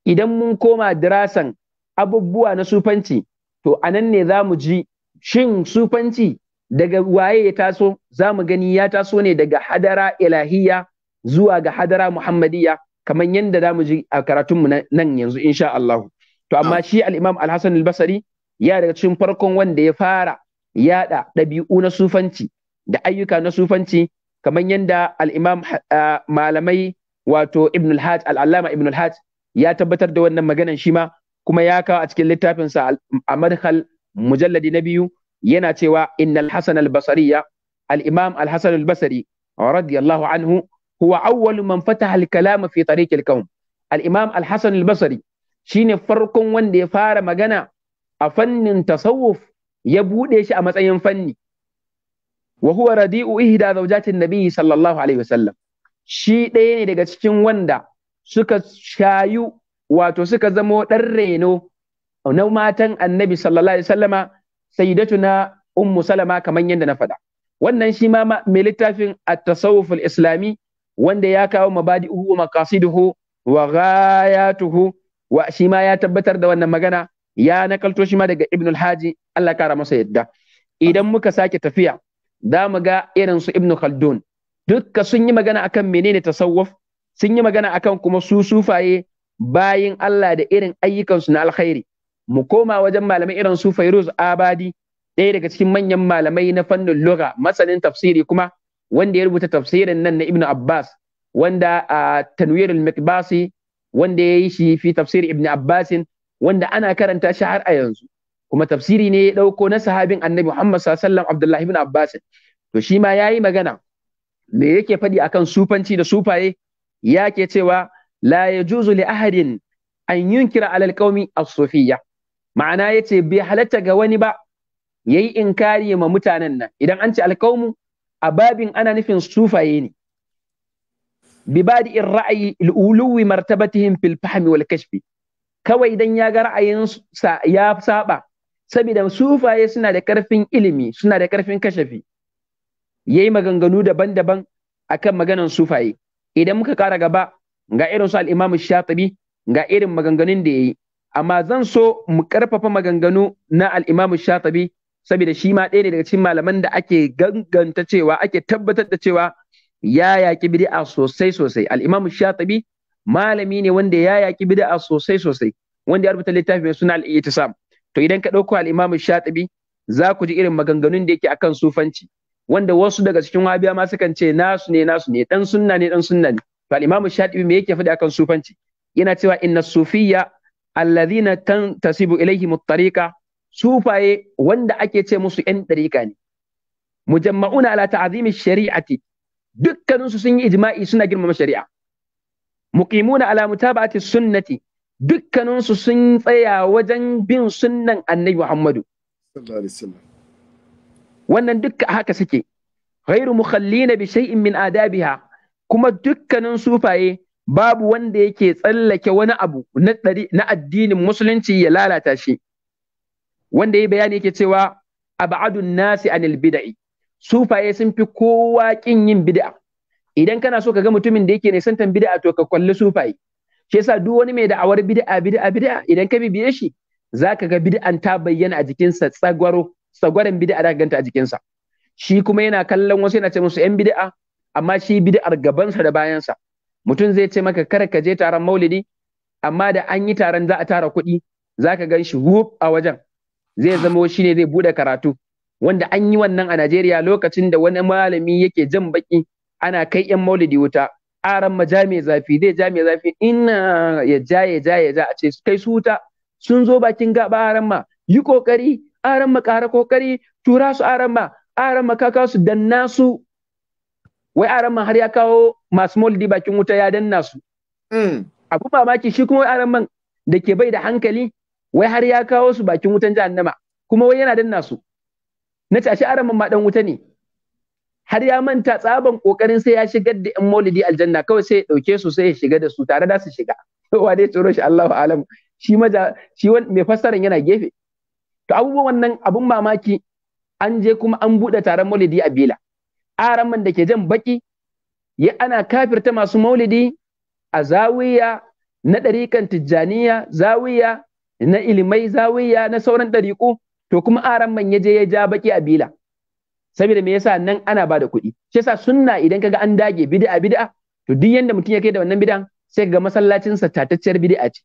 idan mun koma dirasan abubuwa na sufanci to a nan ne za mu ji shin sufanci daga waye ya taso za mu gani ya taso ne daga hadara ilahiyya zuwa ga hadara muhammadiyya kamar yadda za mu ji a karatunmu nan yanzu insha Allah to amma shi al'imam imam al al-basri ya daga cikin farkon wanda ya fara yada ɗabi'u na sufanci da ayyuka na sufanci kamar yadda al eh, malamai wato ibn al-hajj al ibn al-hajj ya tabbatar da wannan maganan shi ma kuma ya kawo a cikin littafinsa a madkhal mujalladi na biyu yana cewa innal hasan al-basriya al-imam al-hasan al radiyallahu anhu huwa awwalu man halkala al-kalam fi al imam al-hasan al-basri shine farkon wanda ya fara magana a fannin tasawuf ya buɗe shi a matsayin fanni wa huwa radi'u ihda zawjatin nabiyyi sallallahu alaihi wasallam shi ɗaya ne daga cikin wanda suka shayu wato suka zamo ɗan reno na matan annabi sallallahu alaihi wasallama sayyidatuna ummu salama kamar yadda na faɗa wannan shi ma mai littafin at-tasawuf al-islami wanda ya kawo mabadi'uhu wa maqasiduhu wa ghayatuhu wa shi ma ya tabbatar da wannan magana ya nakalto shi ma daga Ibn al-Haji Allah kara masa yadda idan muka sake tafiya za mu ga irin su Ibn Khaldun dukka sun yi magana akan menene tasawuf sun yi magana akan kuma su sufaye bayin Allah da irin ayyukansu na alkhairi mu koma wajen malamai irin su Fairuz Abadi ɗaya daga cikin manyan malamai na fannin lugha masanin tafsiri kuma wanda ya rubuta tafsirin nan na Ibn Abbas wanda a tanwirul al-Mikbasi wanda ya yi shi fi tafsir Ibn Abbas wanda ana karanta shi har a yanzu kuma tafsiri ne ya dauko na sahabin Annabi Muhammad sallallahu alaihi wasallam Abdullah ibn Abbas to shi ma yayi magana me yake faɗi akan sufanci da sufaye yake cewa la yajuzu li ahadin an yunkira alal qaumi as-sufiyya ma'ana yace bai halatta ga wani ba yayi inkari ma mutanen nan idan an ce alqaumu a babin ana nufin sufaye ne bi badi'in ra'ayi al'uluwi martabatihim fil fahmi wal kashfi kawai dan ya ga sa ya saba saboda sufaye suna da karfin ilimi suna da karfin kashafi yayi maganganu daban-daban akan maganan sufaye idan muka kara gaba ga irin su al-Imam Shatibi ga irin maganganun da yayi amma zan so mu karfafa maganganu na al-Imam Shatibi saboda shi ma ɗaya ne daga cikin malaman da ake ganganta cewa ake tabbatar da cewa ya yaƙi bid'a sosai sosai al-Imam Shatibi malami ne wanda ya yaƙi bid'a sosai sosai wanda ya rubuta littafi mai suna al-Ittisam to idan ka ɗauko al-Imam Shatibi za ku ji irin maganganun da yake akan sufanci wanda wasu daga cikin wahabiya ma sukan ce nasu ne nasu ne dan sunna ne dan sunna ne to al-Imam Shatibi me yake faɗi akan sufanci yana cewa inna sufiyya alladhina tantasibu ilaihi at sufaye wanda ake ce musu yan ɗarika ne mujamma'una ala ta'azimin shari'ati dukkaninsu sun yi ijma'i suna girmama shari'a muqimuna ala mutabati sunnati dukkaninsu sun tsaya wajen bin sunnan annabi Muhammadu wannan dukka haka suke ghairu mukhallina bi shay'in min adabiha kuma dukkanin sufaye babu wanda yake tsallake wani abu na addinin musulunci ya lalata shi wanda ya bayani yake cewa ab'adun nasi anil bid'i sufaye sun fi kowa kin yin bid'a idan kana so ka ga mutumin da yake santan bid'a to ka kwalli sufaye shi yasa duk wani mai da'awar bid'a bid'a bid'a idan ka bibiye shi zaka ga bid'an ta bayyana a jikinsa tsagwaro tsagwaron bid'a da ganta a jikinsa shi kuma yana kallon wasu yana ce musu yan bid'a amma shi bid'ar gabansa da bayansa mutum zai ce maka kar ka je taron maulidi amma da an yi taron za a tara kuɗi zaka gan shi wuf a wajen zai zamo ne zai bude karatu wanda an yi wannan a Najeriya lokacin da wani malami yake jan baki ana kai yan maulidi wuta aran majami zafi zai jami zafi ina ya ja ya ja ya ja a ce kai su wuta sun zo bakin gaba aran ma yi kokari aran ma kara kokari tura su aran ma aran ma kaka su danna su wai aran ma har ya kawo masu maulidi bakin wuta ya danna su mm. abu mamaki shi kuma aran man da ke bai da hankali wai har ya kawo su bakin wutan jahannama kuma wai yana danna su na ce ashe araman ma dan wuta ne har ya manta tsaban kokarin sai ya shigar da yan maulidi aljanna kawai sai ya dauke su sai ya shiga da su tare da su shiga wa dai tsoro shi Allahu alam shi maja shi mai fassaran yana gefe to abubuwan wannan abun mamaki an je kuma an bude taron maulidi a bila araman da ke jan baki ya ana kafirta masu maulidi a zawiya na ɗarikan tijjaniya zawiya na ilimai zawiya na sauran ɗariƙu to kuma aran man je ya ja baki a bila saboda me yasa nan ana bada kuɗi shi yasa sunna idan kaga an dage bid'a bid'a to duk yanda mutum ya kai da wannan bid'an sai ga masallacin sa tatacciyar bid'a ce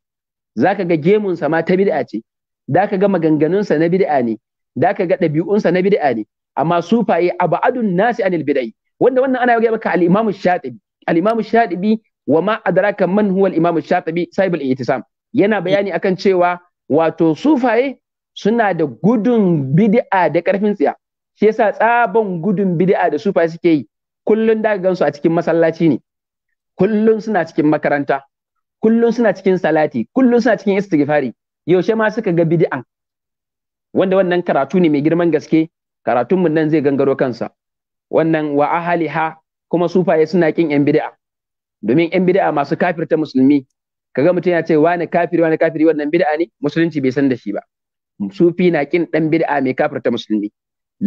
zaka ga gemun sa ma ta bid'a ce da ka ga maganganun sa na bid'a ne da ka ga ɗabi'un sa na bid'a ne amma sufaye abadun nasi anil bid'ai wanda wannan ana ga maka al-imamu shatibi al-imamu shatibi wa ma adraka man huwa al-imamu shatibi sahibul i'tisam yana bayani akan cewa wato sufaye suna da gudun bidi'a da ƙarfin tsiya shi yasa tsaban gudun bid'a da sufaye suke yi kullun da gansu a cikin masallaci ne kullun suna cikin makaranta kullun suna cikin salati kullun suna cikin istighfari yaushe ma suka ga bid'an wanda wannan karatu ne mai girman gaske karatun mun nan zai gangaro kansa wannan wa ahaliha kuma sufaye suna kin yan bid'a domin yan bid'a masu kafirta musulmi kaga mutum ya ce wani kafiri wani kafiri wannan bid'a ne musulunci bai san da shi ba sufi na kin dan bid'a mai kafirta musulmi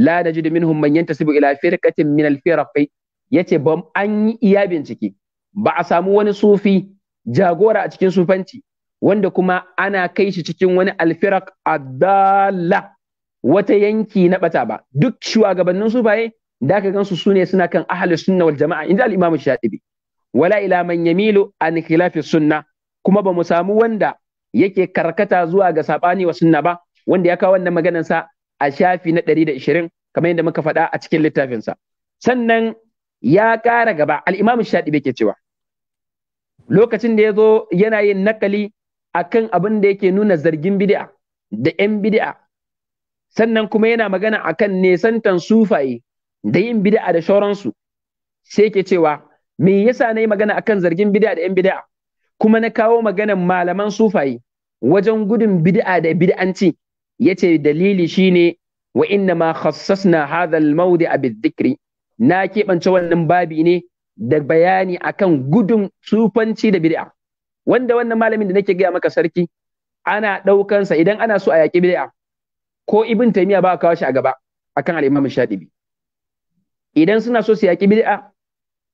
la najid minhum man yantasibu ila firqatin min al firqi yace ban an yi iya bincike ba a samu wani sufi jagora a cikin sufanci wanda kuma ana kai shi cikin wani alfirak adalla wata yanki na bata ba duk shugabannin sufaye da aka gansu sune suna kan ahlus sunna wal jama'a inda al-imam shatibi wala ila man yamilu an khilafi sunna kuma ba mu samu wanda yake karkata zuwa ga sabani wa sunna ba wanda ya kawo wannan maganar sa a shafi na 120 kamar yadda muka faɗa a cikin littafinsa. sannan ya ƙara gaba al-Imam Shatibi yake cewa lokacin da ya zo yana yin nakali akan abin da yake nuna zargin bid'a da 'yan bid'a sannan kuma yana magana akan nesantan sufaye da yin bid'a da shauransu sai ke cewa me yasa na yi magana akan zargin bid'a da 'yan bid'a kuma na kawo maganan malaman sufaye wajen gudun bid'a da bid'anci yace dalili shine wa inna ma khassasna hadha al na keɓance wannan babi ne da bayani akan gudun sufanci da bid'a wanda wannan malamin da nake gaya maka sarki ana ɗaukansa idan ana so a yaki bid'a ko ibn taymiya ba kawo shi a gaba akan al-imam shadibi idan suna so su yaki bid'a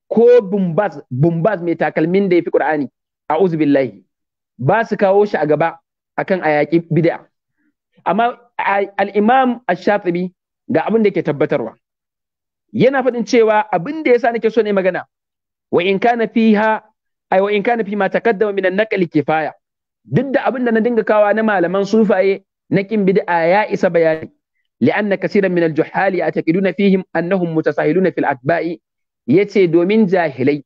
ko bumbaz bumbaz mai takalmin da yafi qur'ani a'udhu billahi ba su kawo shi a gaba akan a yaƙi bid'a amma al-imam ash-shatibi ga abin da yake tabbatarwa yana faɗin cewa abin da yasa nake so ne magana wa in kana fiha ai wa in kana fi ma taqaddama min an-naql kifaya duk da abin da na dinga kawa na malaman sufaye na kin bid'a ya isa bayani لأن كثيرا من الجحال يعتقدون فيهم أنهم متساهلون في الأتباع ce domin jahilai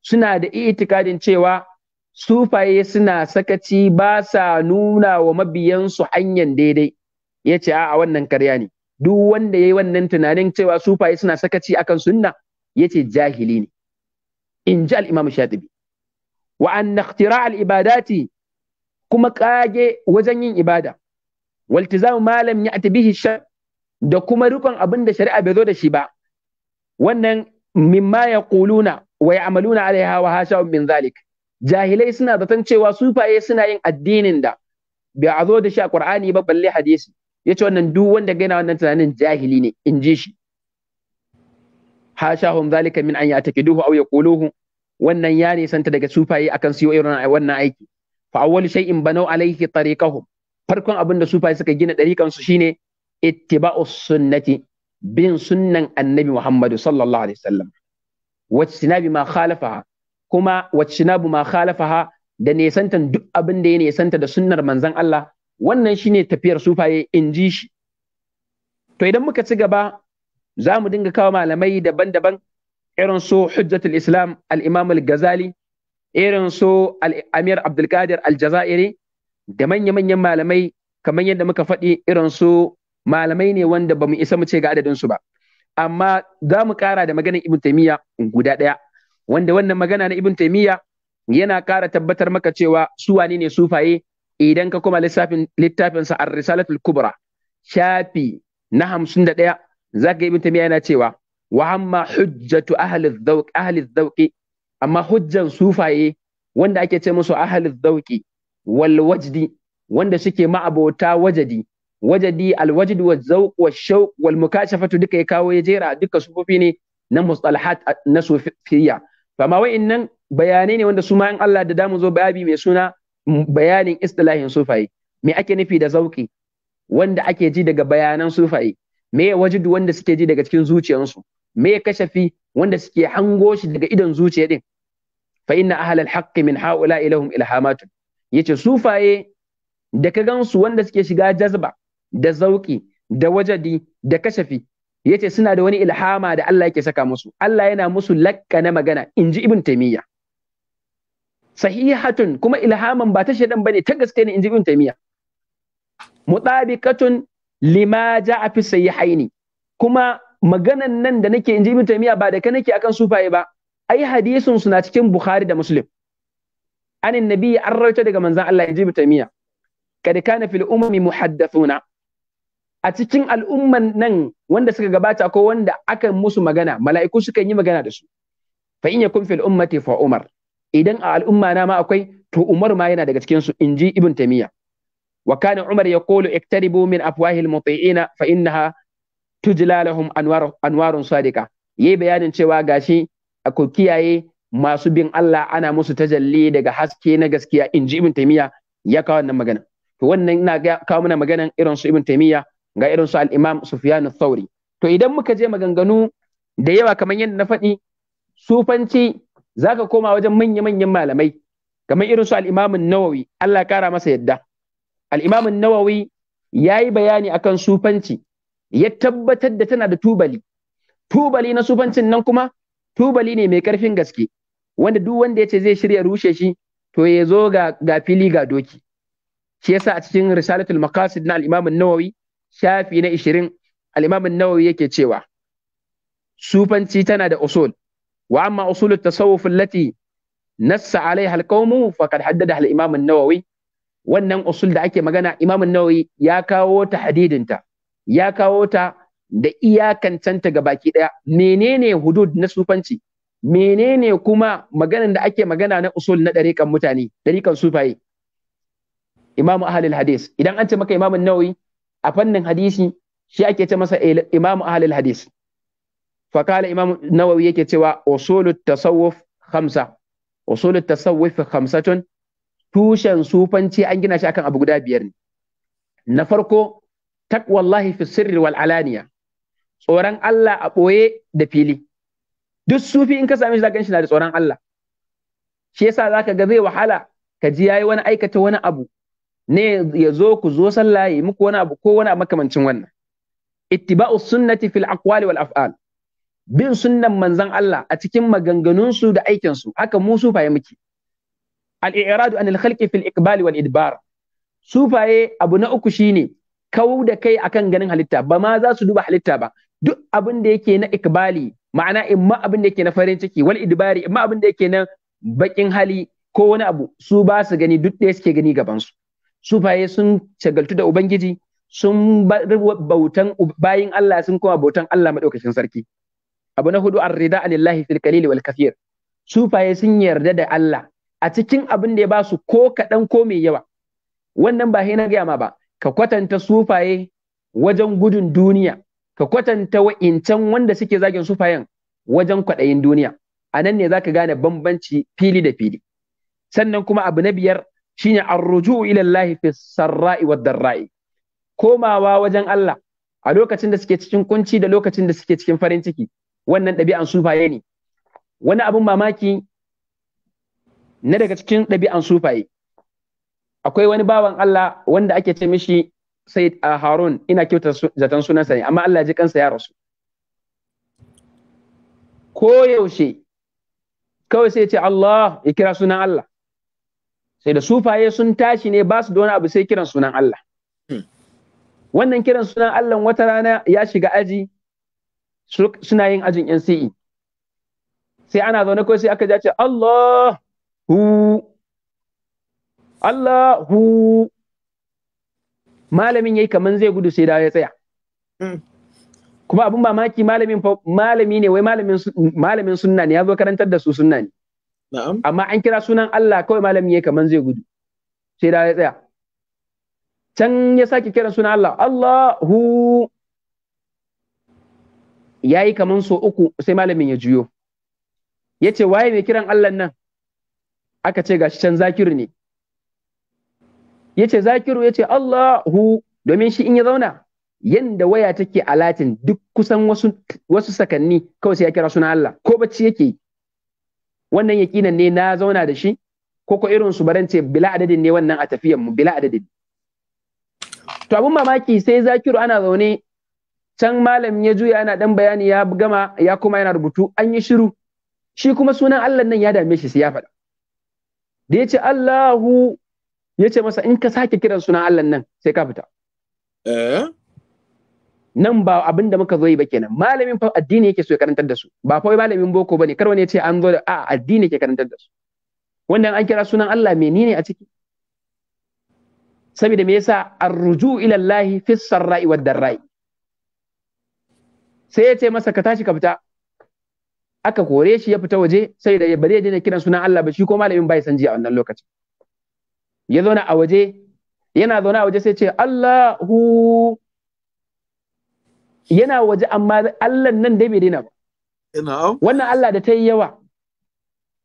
suna da itikadin cewa sufaye suna sakaci ba sa nuna wa mabiyansu hanyar daidai ya ce a wannan karya ne duk wanda ya yi wannan tunanin cewa sufaye suna sakaci akan sunna ya ce jahili ne in ji al'imam shatibi wa an nakhtira al'ibadati kuma kage wajen yin ibada waltizamu malam ya bihi shar da kuma rikon abin da shari'a bai zo da shi ba wannan mimma ya kuluna wa ya amaluna alaiha wa hasha min zalik jahilai suna zaton cewa sufaye suna yin addinin da bai a zo da shi a Qur'ani ba balle hadisi yace wannan duk wanda gaina wannan tunanin jahili ne in ji shi hashahum zalika min an yatakiduhu aw yaquluhu wannan ya ne santa daga sufaye akan su irin wannan aiki fa awwalu shay'in banau alayhi tariqahum farkon abin da sufaye suka gina dariƙan su shine ittiba'us sunnati bin sunnan annabi Muhammadu sallallahu alaihi wasallam wa ma khalafaha kuma waccinabu ma khalafaha da nesantan duk abin da ya nesanta da sunnar manzan Allah wannan shine tafiyar sufaye in ji shi to idan muka ci gaba za mu dinga kawo malamai daban-daban irin su hujjatul islam al-imam al irin su al-amir abdulkadir al-jazairi da manya-manyan malamai kamar yadda muka faɗi irin su malamai ne wanda ba mu isa mu ce ga adadin su ba amma za mu ƙara da maganar ibn taymiya guda ɗaya wanda wannan magana na ibn taymiya yana ƙara tabbatar maka cewa su wane ne sufaye idan ka koma lissafin littafin sa ar-risalatul kubra shafi na ɗaya zaka ibn taymiya yana cewa wa amma hujjatu ahli dhawq ahli dhawq amma hujjan sufaye wanda ake ce musu ahli adh-dhawq wal wajdi wanda suke ma'abota wajadi wajadi alwajid wa zawq wa shawq wal mukashafatu duka ya kawo ya jera duka sufofi ne na mustalahat na sufiyya amma nan bayanai ne wanda su ma in Allah da damu zo babi mai suna bayanin istilahin sufaye me ake nufi da zauki wanda ake ji daga bayanan sufaye me ya wajidu wanda suke ji daga cikin zuciyarsu me ya kashafi wanda suke hango shi daga idon zuciya din fa inna ahlal alhaq min haula ilahum ilhamatun yace sufaye da ka gansu wanda suke shiga jazba da zauki da wajadi da kashafi Ya ce suna da wani ilhama da Allah yake saka musu Allah yana musu lakka na magana inji ibn taymiya sahihatun kuma ilhaman ba ta shaidan bane ta gaske ne inji ibn taymiya mutabiqatun lima ja'a fi sahihaini kuma maganan nan da nake ji ibn taymiya ba da ka nake akan sufaye ba ai hadisin suna cikin bukhari da muslim anin nabiyyi an rawaito daga manzon Allah inji ibn taymiya kad kana fil ummi muhaddathuna a cikin al'umman nan wanda suka gabata ko wanda aka musu magana mala'iku suka yi magana da su fa in yakun fil ummati fa umar idan a al'umma na ma akwai to umar ma yana daga cikin su inji ibn tamiya wa kana umar yaqulu iktaribu min afwahil muti'ina fa innaha tujla lahum anwar anwarun sadiqa yayi bayanin cewa gashi ko kiyaye masu bin Allah ana musu tajalli daga haske na gaskiya inji ibn tamiya ya kawo wannan magana to wannan ina kawo mana maganan irin su ibn tamiya ga irin su al-Imam Sufyan to idan muka je maganganu da yawa kamar yadda na faɗi sufanci zaka koma wajen manya-manyan malamai kamar irin su al-Imam nawawi Allah kara masa yadda Al'imamin imam nawawi yayi bayani akan sufanci ya tabbatar da tana da tubali tubali na sufancin nan kuma tubali ne mai karfin gaske wanda duk wanda ya ce zai shirya rushe shi to ya zo ga, ga fili ga doki shi yasa a cikin risalatul maqasid na al'imamin imam nawawi shafi na ishirin al'imamin nawawi yake cewa sufanci tana da usul wa amma usul at-tasawuf allati nassa alaiha al faqad haddada al-imam nawawi wannan usul da ake magana imam an-nawawi ya kawo ta hadidinta ya kawo ta da iyakancanta ga baki ɗaya. menene hudud na sufanci menene kuma maganan da ake magana na usul na dariƙan mutane dariƙan sufaye imamu ahlul hadis idan an ce maka imamin nawawi a fannin hadisi shi ake ce masa imam ahalil hadis fakala imam nawawi yake cewa usulut tasawuf khamsa usulut tasawuf khamsatun tushen sufanci an gina shi akan abu guda biyar ne na farko taqwallahi fi sirri wal alaniya tsoron Allah a ɓoye da fili duk sufi in ka same shi gan shi na da tsoron Allah shi yasa zaka ga zai wahala ka ji yayi wani aikata wani abu ne ya zo ku zo sallah ya muku wani abu ko wani abu makamancin wannan ittiba'u sunnati fil aqwali wal af'al bin sunnan manzon Allah a cikin maganganunsu da aikin su haka mu sufaye muke al-i'radu anil khalqi fil iqbali wal idbar sufaye abu na uku shine kau da kai akan ganin halitta ba ma za su duba halitta ba duk abin da yake na ikbali ma'ana imma abin da yake na farin ciki wal idbari imma abin da yake na bakin hali ko wani abu su ba su gani duk ɗaya suke gani gaban su sufaye sun shagaltu da ubangiji sun bautan bayin Allah sun koma bautan Allah maɗaukacin sarki abu na hudu an rida lillahi fil kalili wal kafir. sufaye sun yarda da Allah a cikin abin da ya ba su ko kaɗan ko mai yawa wannan ba hina gaya ma ba ka kwatanta sufaye wajen gudun duniya ka kwatanta wa'incan wanda suke zagin sufayen wajen kwaɗayin duniya a nan ne za ka gane bambanci fili da fili sannan kuma abu na biyar shine arruju ila Allah fi sarra'i wad darra'i komawa wajen Allah a lokacin da suke cikin kunci da lokacin da suke cikin farin ciki wannan ɗabi'an sufaye ne wani abin mamaki na daga cikin ɗabi'an sufaye akwai wani bawan Allah wanda ake ce mishi sai a Harun ina kyauta zaton sunansa ne amma Allah ji kansa ya rasu ko yaushe kawai sai ce Allah ya kira sunan Allah sai da sufaye sun tashi ne ba su da wani abu sai kiran sunan Allah hmm. wannan kiran sunan Allah wata rana ya shiga aji suna yin ajin yan sai e. sai ana zaune kawai sai aka ja ce Allah hu Allah hu malamin yayi kaman zai gudu sai da ya tsaya hmm. kuma abin mamaki malamin malami ne wai malamin malamin sunna ne ya zo karantar da su sunna ne amma an kira sunan Allah kawai malami yayi kaman zai gudu sai da ya tsaya can ya sake kira sunan Allah Allahu yayi kaman so uku sai malamin ya juyo yace waye mai kiran Allah nan aka ce gashi can zakiru ne yace zakiru Ya ce Allahu domin shi in ya zauna yanda waya take a latin duk kusan wasu wasu sakanni kawai sai ya kira sunan Allah ko bacci yake yi wannan yakinan ne na zauna da shi ko ko irin su barance bila adadin ne wannan a tafiyan mu bila adadin to abun mamaki sai zakiru ana zaune can malam ya juya ana dan bayani ya gama ya kuma yana rubutu an yi shiru shi kuma sunan Allah nan ya dame shi sai ya faɗa da yace Allahu ya ce masa in ka sake kiran sunan Allah nan sai ka fita eh nan ba abin da muka zo yi ba kenan malamin fa addini yake so ya karantar da su ba fa malamin boko bane kar wani ya ce an zo da a addini yake karantar da su wannan an kira sunan Allah menene a ciki saboda me yasa arruju ila Allah fi sarra'i wad darra'i sai ya ce masa ka tashi ka fita aka kore shi ya fita waje sai da ba zai kiran sunan Allah ba shi ko malamin bai san ji a wannan lokacin ya na a waje yana zauna a waje sai ce Allahu yana waje amma Allah nan dai bai daina ba wannan Allah da ta yi yawa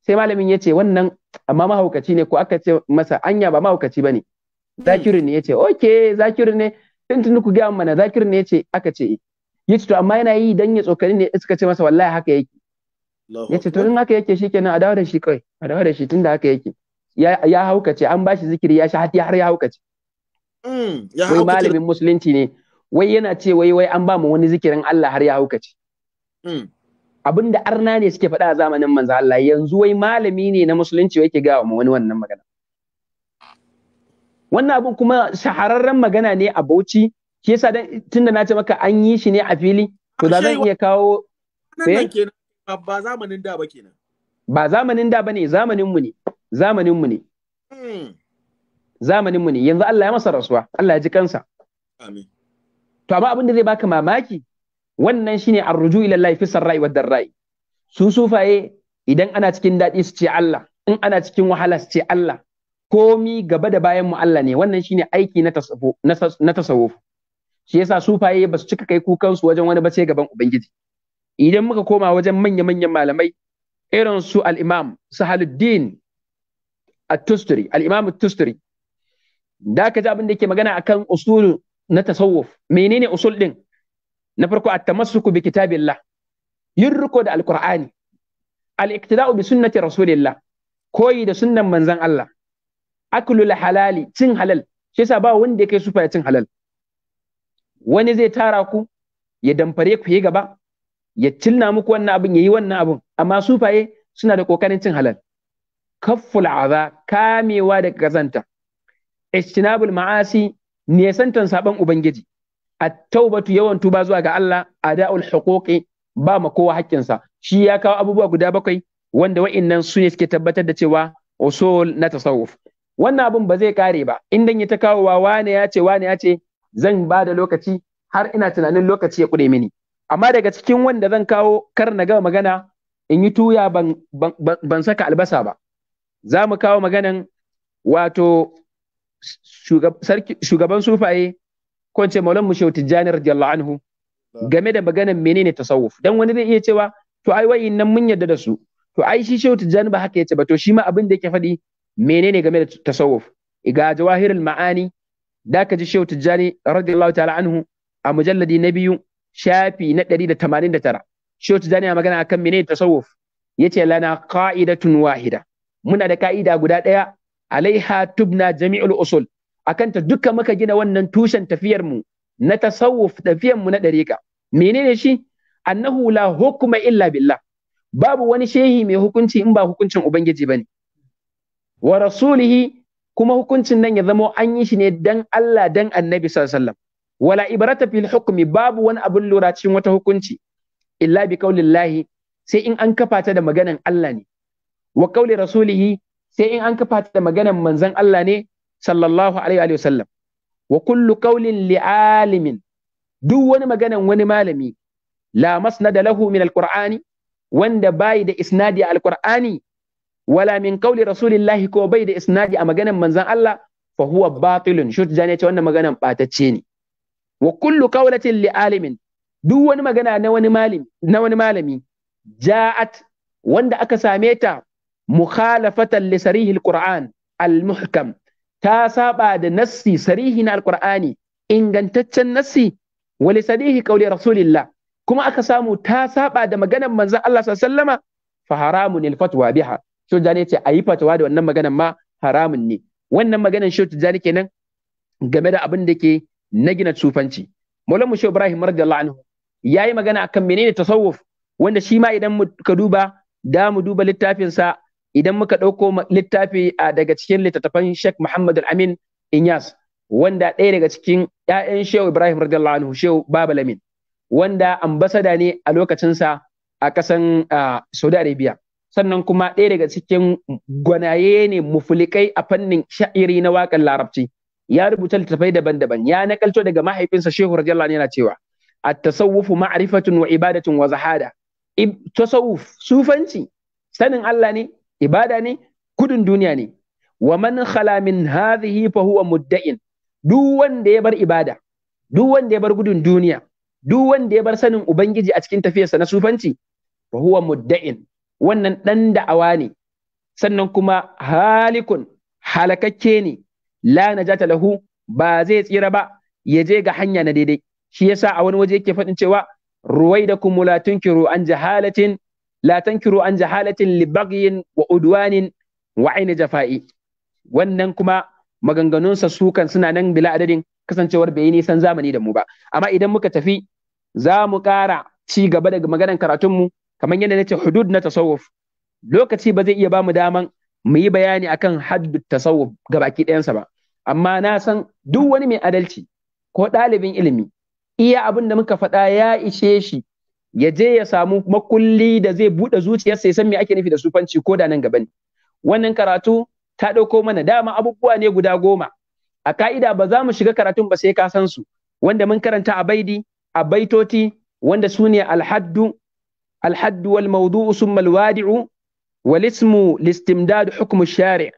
sai malamin ya ce wannan amma mahaukaci ne ko aka ce masa anya ba mahaukaci ba ne hmm. zakiru ne ya ce ok zakiru ne tun tun ku gaya mana zakiru ne ya ce aka ce eh. ya ce to amma yana yi dan ya tsokani ne suka ce masa wallahi haka yake ya ce to in haka yake shikenan a dawo da shi kawai a dawo da shi tun da haka yake ya haukace an bashi zikiri ya sha har ya haukace hmm, wai malamin musulunci ne wai yana ce wai wai an ba mu wani zikirin Allah har ya haukace hmm. abin da arna ne suke faɗa a zamanin manzo Allah yanzu wai malami ne na musulunci ke gawa mu wani wannan magana wannan abin kuma shahararren magana ne a Bauchi shi yasa dan tunda na ce maka an yi shi ne a fili to da zan iya kawo eh? ba zamanin da ba kenan ba zamanin da bane zamanin mu ne zamanin mu ne hmm. zamanin mu ne yanzu Allah ya masa rasuwa Allah ya ji kansa amin to amma abin da zai baka mamaki wannan shine arruju ila llahi fi sarra'i wa darra'i su sufaye idan ana cikin daɗi su ce Allah in ana cikin wahala su ce Allah komi gaba da bayan mu Allah ne wannan shine aiki na tasawuf na tasawuf shi yasa sufaye ba su cika kai kukan su wajen wani ba sai gaban ubangiji idan muka koma wajen manya-manyan malamai irin su al-imam Sahaluddin at-Tustari al-imam at-Tustari da ka ji abin da yake magana akan usulul na tasawuf menene usul din na farko at-tamassuku bi kitabillah yin riko da alqur'ani al-iqtida'u bi sunnati rasulillah koyi da sunnan manzon Allah aklul halali cin halal shi yasa ba wanda ya kai sufa ya cin halal wani zai tara ku ya damfare ku yi gaba ya cilna muku wannan abin ya yi wannan abin amma sufaye suna da kokarin cin halal kafful aza kamewa daga kazanta ijtinabul ma'asi nisantan saban ubangiji A taubatu yawan tuba zuwa ga Allah ada'ul huquqi ba ma kowa haƙƙinsa shi ya kawo abubuwa guda bakwai wanda wa'innan su ne suke tabbatar da cewa usul na tasawuf wannan abun ba zai kare ba Indan ya ta kawowa wane ya ce wane ya ce zan ba da lokaci har ina tunanin lokaci ya kure mini amma daga cikin wanda zan kawo kar na gama magana in yi tuya ban saka albasa ba za mu kawo maganan wato shugaban sufaye ko ce maulan mu shehu tijjani radiyallahu anhu game da maganan menene tasawuf dan wani zai iya cewa to ai wai nan mun yarda da su to ai shi shehu tijjani ba haka yace ba to shi ma abin da yake faɗi menene game da tasawuf iga jawahirul ma'ani da ka ji shehu tijjani radiyallahu ta'ala anhu a mujalladi na biyu shafi na 189 shehu tijjani ya magana akan menene tasawuf yace lana qa'idatun wahida muna da ka'ida guda ɗaya alaiha tubna jami'ul usul akanta duka muka gina wannan tushen tafiyar mu na tasawuf tafiyar mu na dariqa menene shi annahu la hukma illa billah babu wani shehi mai hukunci in ba hukuncin ubangiji bane wa rasulihi kuma hukuncin nan ya zamo an yi shi ne dan Allah dan annabi sallallahu alaihi wala ibrata fil hukmi babu wani abin lura cikin wata hukunci illa bi qaulillahi sai in an kafa ta da maganan Allah ne wa qauli rasulihi sai in an kafa da maganan manzon Allah ne sallallahu alaihi wa sallam wa kullu qawlin li'alimin duk wani maganan wani malami la masnada lahu min alqur'ani wanda bai da isnadi a alqur'ani wala min qawli rasulillahi ko bai da isnadi a maganan manzon Allah fa huwa batilun shi ne ce wannan maganan batacce ne wa kullu qawlatin li'alimin duk wani magana na wani malami na wani malami ja'at wanda aka same ta mukhalafatan li sarihil qur'an al ta saba da nassi sarihi na alqur'ani ingantaccen nassi wa sarihi qawli rasulillah kuma aka samu ta saba da maganar manzan Allah sallama fa haramun al fatwa biha shi jani yace ayi fatwa da wannan magana ma haramun ne wannan maganar shi jani kenan game da abin da ke na gina sufanci Maulana Shehu Ibrahim radiyallahu anhu yayi magana akan menene tasawuf wanda shi ma idan ka duba da mu duba littafinsa idan muka ɗauko littafi a daga cikin littattafan Sheikh Muhammad Al-Amin Inyas wanda ɗaya daga cikin ‘ya'yan Shehu Ibrahim radiyallahu anhu Shehu lamin. wanda ambasada ne a lokacinsa a ƙasan Saudi Arabia sannan kuma ɗaya daga cikin gwanaye ne mufulikai a fannin sha'iri na waƙar larabci ya rubuta littattafai daban-daban ya nakalto daga mahaifinsa Shehu radiyallahu anhu yana cewa at tasawwuf ma'rifatun wa ibadatun wa zahada tasawuf sufanci sanin Allah ne ibada ne kudin duniya ne wa man khala min hadhihi fa huwa mudda'in duk wanda ya bar ibada duk wanda ya bar gudun duniya duk wanda ya bar sanin ubangiji a cikin tafiyarsa na sufanci fa huwa mudda'in wannan dan da'awa ne sannan kuma halikun halakakke ne la najata lahu ba zai tsira ba ya je ga hanya na daidai shi yasa a wani waje yake faɗin cewa ruwai da tunkiru an jahalatin la tankiru an jahalatin li baghyin wa udwanin wa jafa'i wannan kuma maganganunsa su kan suna nan bila adadin kasancewar bai yi nisan zamani da mu ba amma idan muka tafi za mu ƙara ci gaba da maganar karatunmu kamar yadda nace hudud na tasawuf lokaci ba zai iya ba mu daman mu yi bayani akan haddu tasawuf ga baki ɗayansa ba amma na san duk wani mai adalci ko ɗalibin ilimi iya abin da muka faɗa ya ishe shi ya je ya samu makulli da zai buɗe zuciyarsa ya san me ake nufi da sufanci ko da nan gaba ne wannan karatu ta ɗauko mana dama abubuwa ne guda goma a ka'ida ba za mu shiga karatun ba sai ka san su wanda mun karanta a baidi a baitoti wanda su ne alhaddu alhaddu wal mawdu'u summa alwadi'u wal ismu listimdad hukmu shari'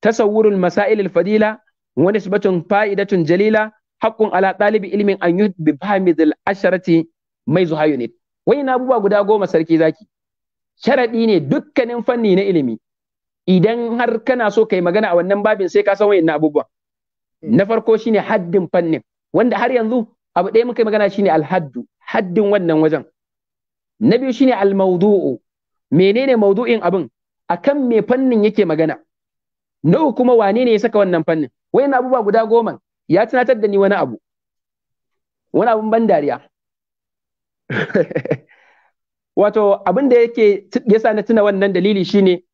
tasawwur al masail al fadila wa nisbatun fa'idatun jalila haqqun ala talibi ilmin an yuhib bi fahmi al asharati mai zuhayunit na abubuwa guda goma sarki zaki Sharadi ne dukkanin fanni na ilimi idan har kana so kai magana a wannan babin sai ka san wayannan abubuwa hmm. na farko shine haddin fannin wanda har yanzu abu ɗaya muka magana shine alhaddu haddin wannan wajen na biyu shine almawdu'u menene mawdu'in abin akan me fannin yake magana na uku kuma wane ne ya saka wannan fannin wayannan abubuwa guda goma ya tunatar da ni wani abu wani abun ban dariya wato abin da yake yasa na tuna wannan dalili shine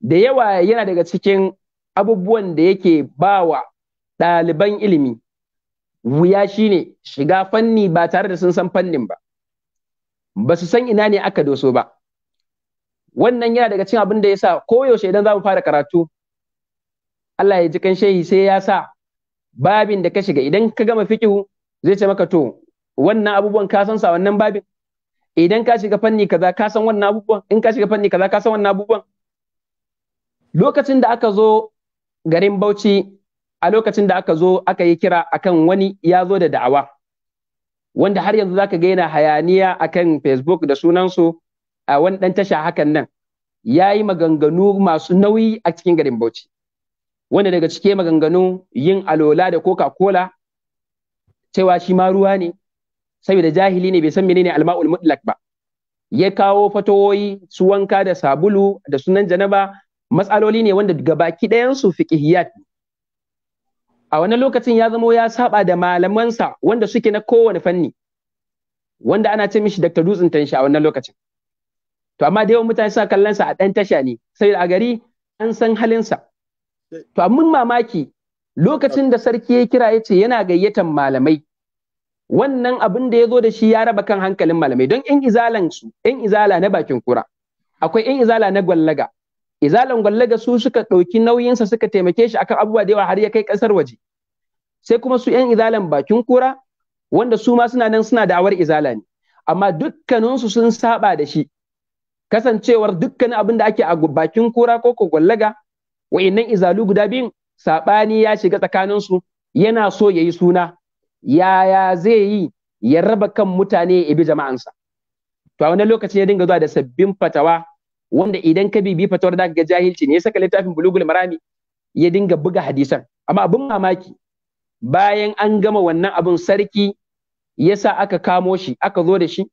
da yawa yana daga cikin abubuwan da yake bawa ɗaliban ilimi wuya shine shiga fanni ba tare da sun san fannin ba ba su san ina ne aka doso ba wannan yana daga cikin abin da yasa koyaushe idan za mu fara karatu Allah ya ji kan shehi sai ya sa babin da ka shiga idan ka gama fikihu zai ce maka to wannan abubuwan ka san sa wannan babin idan ka shiga fanni kaza ka san wannan abubuwan in ka shiga fanni kaza ka san wannan abubuwan lokacin da aka zo garin Bauchi a lokacin da aka zo aka yi kira akan wani ya zo da da'awa wanda har yanzu zaka ga yana hayaniya akan Facebook da sunansu a wani dan tasha hakan nan yayi yi maganganu masu nauyi a cikin garin Bauchi wanda daga cike maganganu yin alola da coca cola cewa shi ma ruwa ne saboda jahili ne bai san menene alma'ul mutlak ba ya kawo fatawoyi su wanka da sabulu da sunan janaba matsaloli ne wanda gabaki ɗayan su fiqhiyat a wannan lokacin ya zama ya saba da malamansa wanda suke na kowane fanni wanda ana ce mishi Dr. Dutsen Tanshi a wannan lokacin. To amma da yawan mutane suna kallon sa a ɗan tasha ne, sai a gari an san halinsa. To amma mamaki lokacin da sarki ya kira ya ce yana gayyatan malamai wannan abin da ya zo da shi ya raba kan hankalin malamai don yan izalansu, in izala na bakin kura akwai yan izala na gwallaga izalan gwallaga su suka ɗauki nauyinsa suka taimake shi akan abubuwa da yawa har ya kai ƙasar waje sai kuma su yan izalan bakin kura wanda su ma suna nan suna da'awar izala ne amma dukkaninsu sun saba da shi kasancewar dukkanin abin da ake a bakin kura ko ko gwallaga wa'innan izalu guda biyun Saɓani ya shiga tsakaninsu yana so ya yi suna yaya zai yi ya raba kan mutane ya bi jama'ansa to a wannan lokaci ya dinga zuwa da sabbin fatawa wanda idan ka bibi fatawar da ga jahilci ne ya saka littafin bulugul marami ya dinga buga hadisan amma abin mamaki bayan an gama wannan abin sarki ya sa aka kamo shi aka zo da shi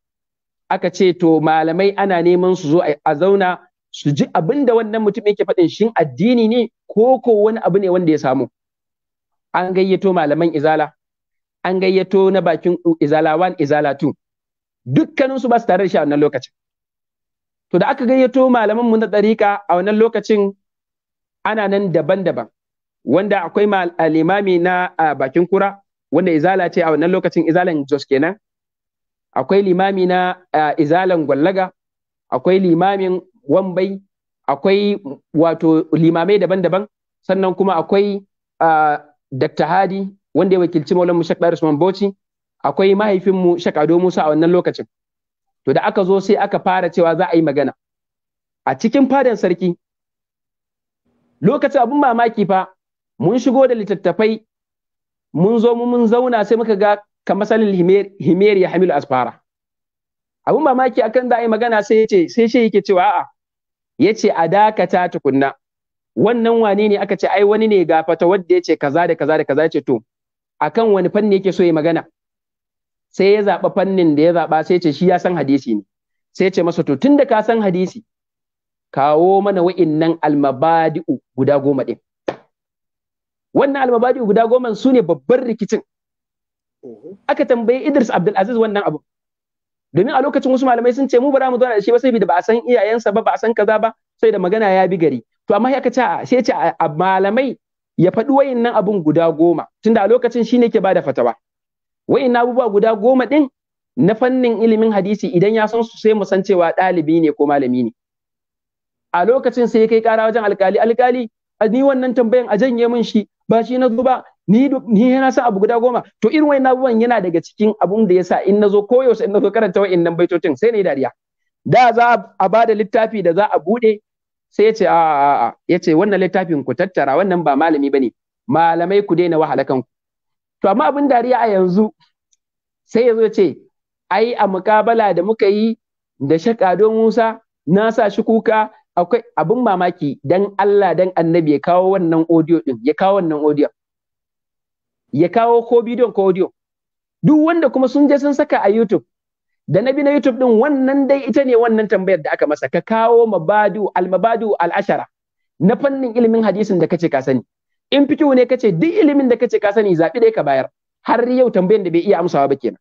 aka ce to malamai ana neman su zo a zauna su ji abin da wannan mutum yake faɗin shin addini ne ko ko wani abu ne wanda ya samu an gayyato malaman izala an gayyato na bakin izala 1 izala 2 dukkanin su ba su tare da shi a wannan lokacin to da aka gayyato malaman mu na ɗarika a wannan lokacin ana nan daban-daban wanda akwai limami na bakin kura wanda izala ce a wannan lokacin izalan jos kenan akwai limami na izalan gwallaga akwai limamin wambai akwai wato limamai daban-daban sannan kuma akwai dr hadi wanda ya wakilci maulan mu Sheikh Usman Bauchi akwai mahaifin mu shakado Ado Musa a wannan lokacin to da aka zo sai aka fara cewa za a yi magana a cikin fadan sarki lokacin abun mamaki fa mun shigo da littattafai mun zo mun zauna sai muka ga kamar salil himeri ya hamilu asfara abun mamaki akan da a yi magana sai ce sai shi yake cewa a'a yace a dakata tukunna wannan wane ne aka ce ai wani ne ga fata wanda ce kaza da kaza da kaza yace to akan wani fanni yake so ya magana sai ya zaɓa fannin da ya zaɓa sai ce shi ya san hadisi ne sai ce masa to tunda ka san hadisi kawo mana wa'innan almabadi'u guda goma ɗin wannan almabadi'u guda goma su ne babban rikicin aka tambayi Idris Abdulaziz wannan abu domin a lokacin wasu malamai sun ce mu bara mu zauna da shi ba sai da ba a san iyayensa ba ba a san kaza ba sai da magana ya bi gari to amma aka ce sai ce a malamai ya faɗi wayannan abun guda goma tunda a lokacin shine ke bada fatawa na abubuwa guda goma din na fannin ilimin hadisi idan ya san su sai mu san cewa ɗalibi ne ko malami ne a lokacin sai kai ƙara wajen alƙali alkali ni wannan tambayan a janye min shi ba shi na ba ni ni yana sa abu guda goma to irin wayannan abubuwan yana daga cikin abun da yasa in nazo koyaushe in nazo karanta nan baitocin sai na yi dariya da za a bada littafi da za a bude sai yace a a a yace wannan littafin ku tattara wannan ba malami bane malamai ku daina wahala kanku to amma abin dariya a yanzu sai yazo yace ai a mukabala da muka yi da shakado Musa na sa shi kuka akwai abin mamaki dan Allah dan annabi ya kawo wannan audio din ya kawo wannan audio ya kawo ko bidiyon ko audio duk wanda kuma sun je sun saka a YouTube da na bi na YouTube din wannan dai ita ne wannan tambayar da aka masa ka kawo mabadu al-mabadu al-ashara na fannin ilimin hadisin da kace ka sani in fito ne kace duk ilimin da kace ka sani zabi dai ka bayar har yau tambayar da bai iya amsawa ba kenan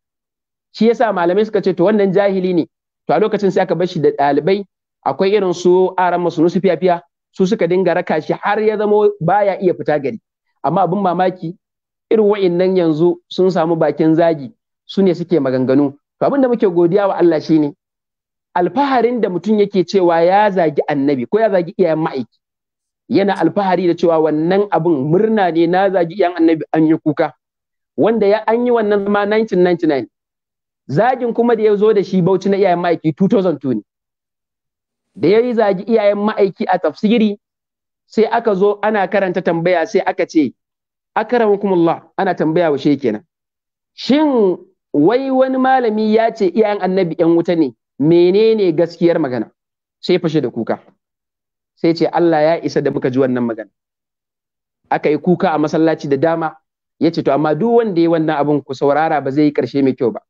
shi yasa malamai suka ce to wannan jahili ne to a lokacin sai aka bar shi da ɗalibai akwai irin su aran masu nusu fiyafiya su suka dinga raka shi har ya zama baya iya fita gari amma abin mamaki irin waannan yanzu sun samu bakin zagi su ne suke maganganu to abin da muke godiya wa Allah shine alfaharin da mutum yake cewa ya zagi annabi ko ya zagi iyayen ma'aiki yana alfahari da cewa wannan abin murna ne na zagi iyayen annabi an yi kuka wanda ya an yi wannan ma 1999 zagin kuma da ya zo da shi bauchi na iyayen ma'aiki 2002 ne da ya yi zagi iyayen ma'aiki a tafsiri sai aka zo ana karanta tambaya sai aka ce akaramakumullah ana tambaya wa kenan shin wai wani malami ya ce iyayen annabi yan wuta ne menene gaskiyar magana sai fashe da kuka sai ce Allah ya isa da muka ji wannan magana aka yi kuka a masallaci da dama ya ce to amma duk wanda ya wannan abun ku saurara ba zai yi karshe mai kyau ba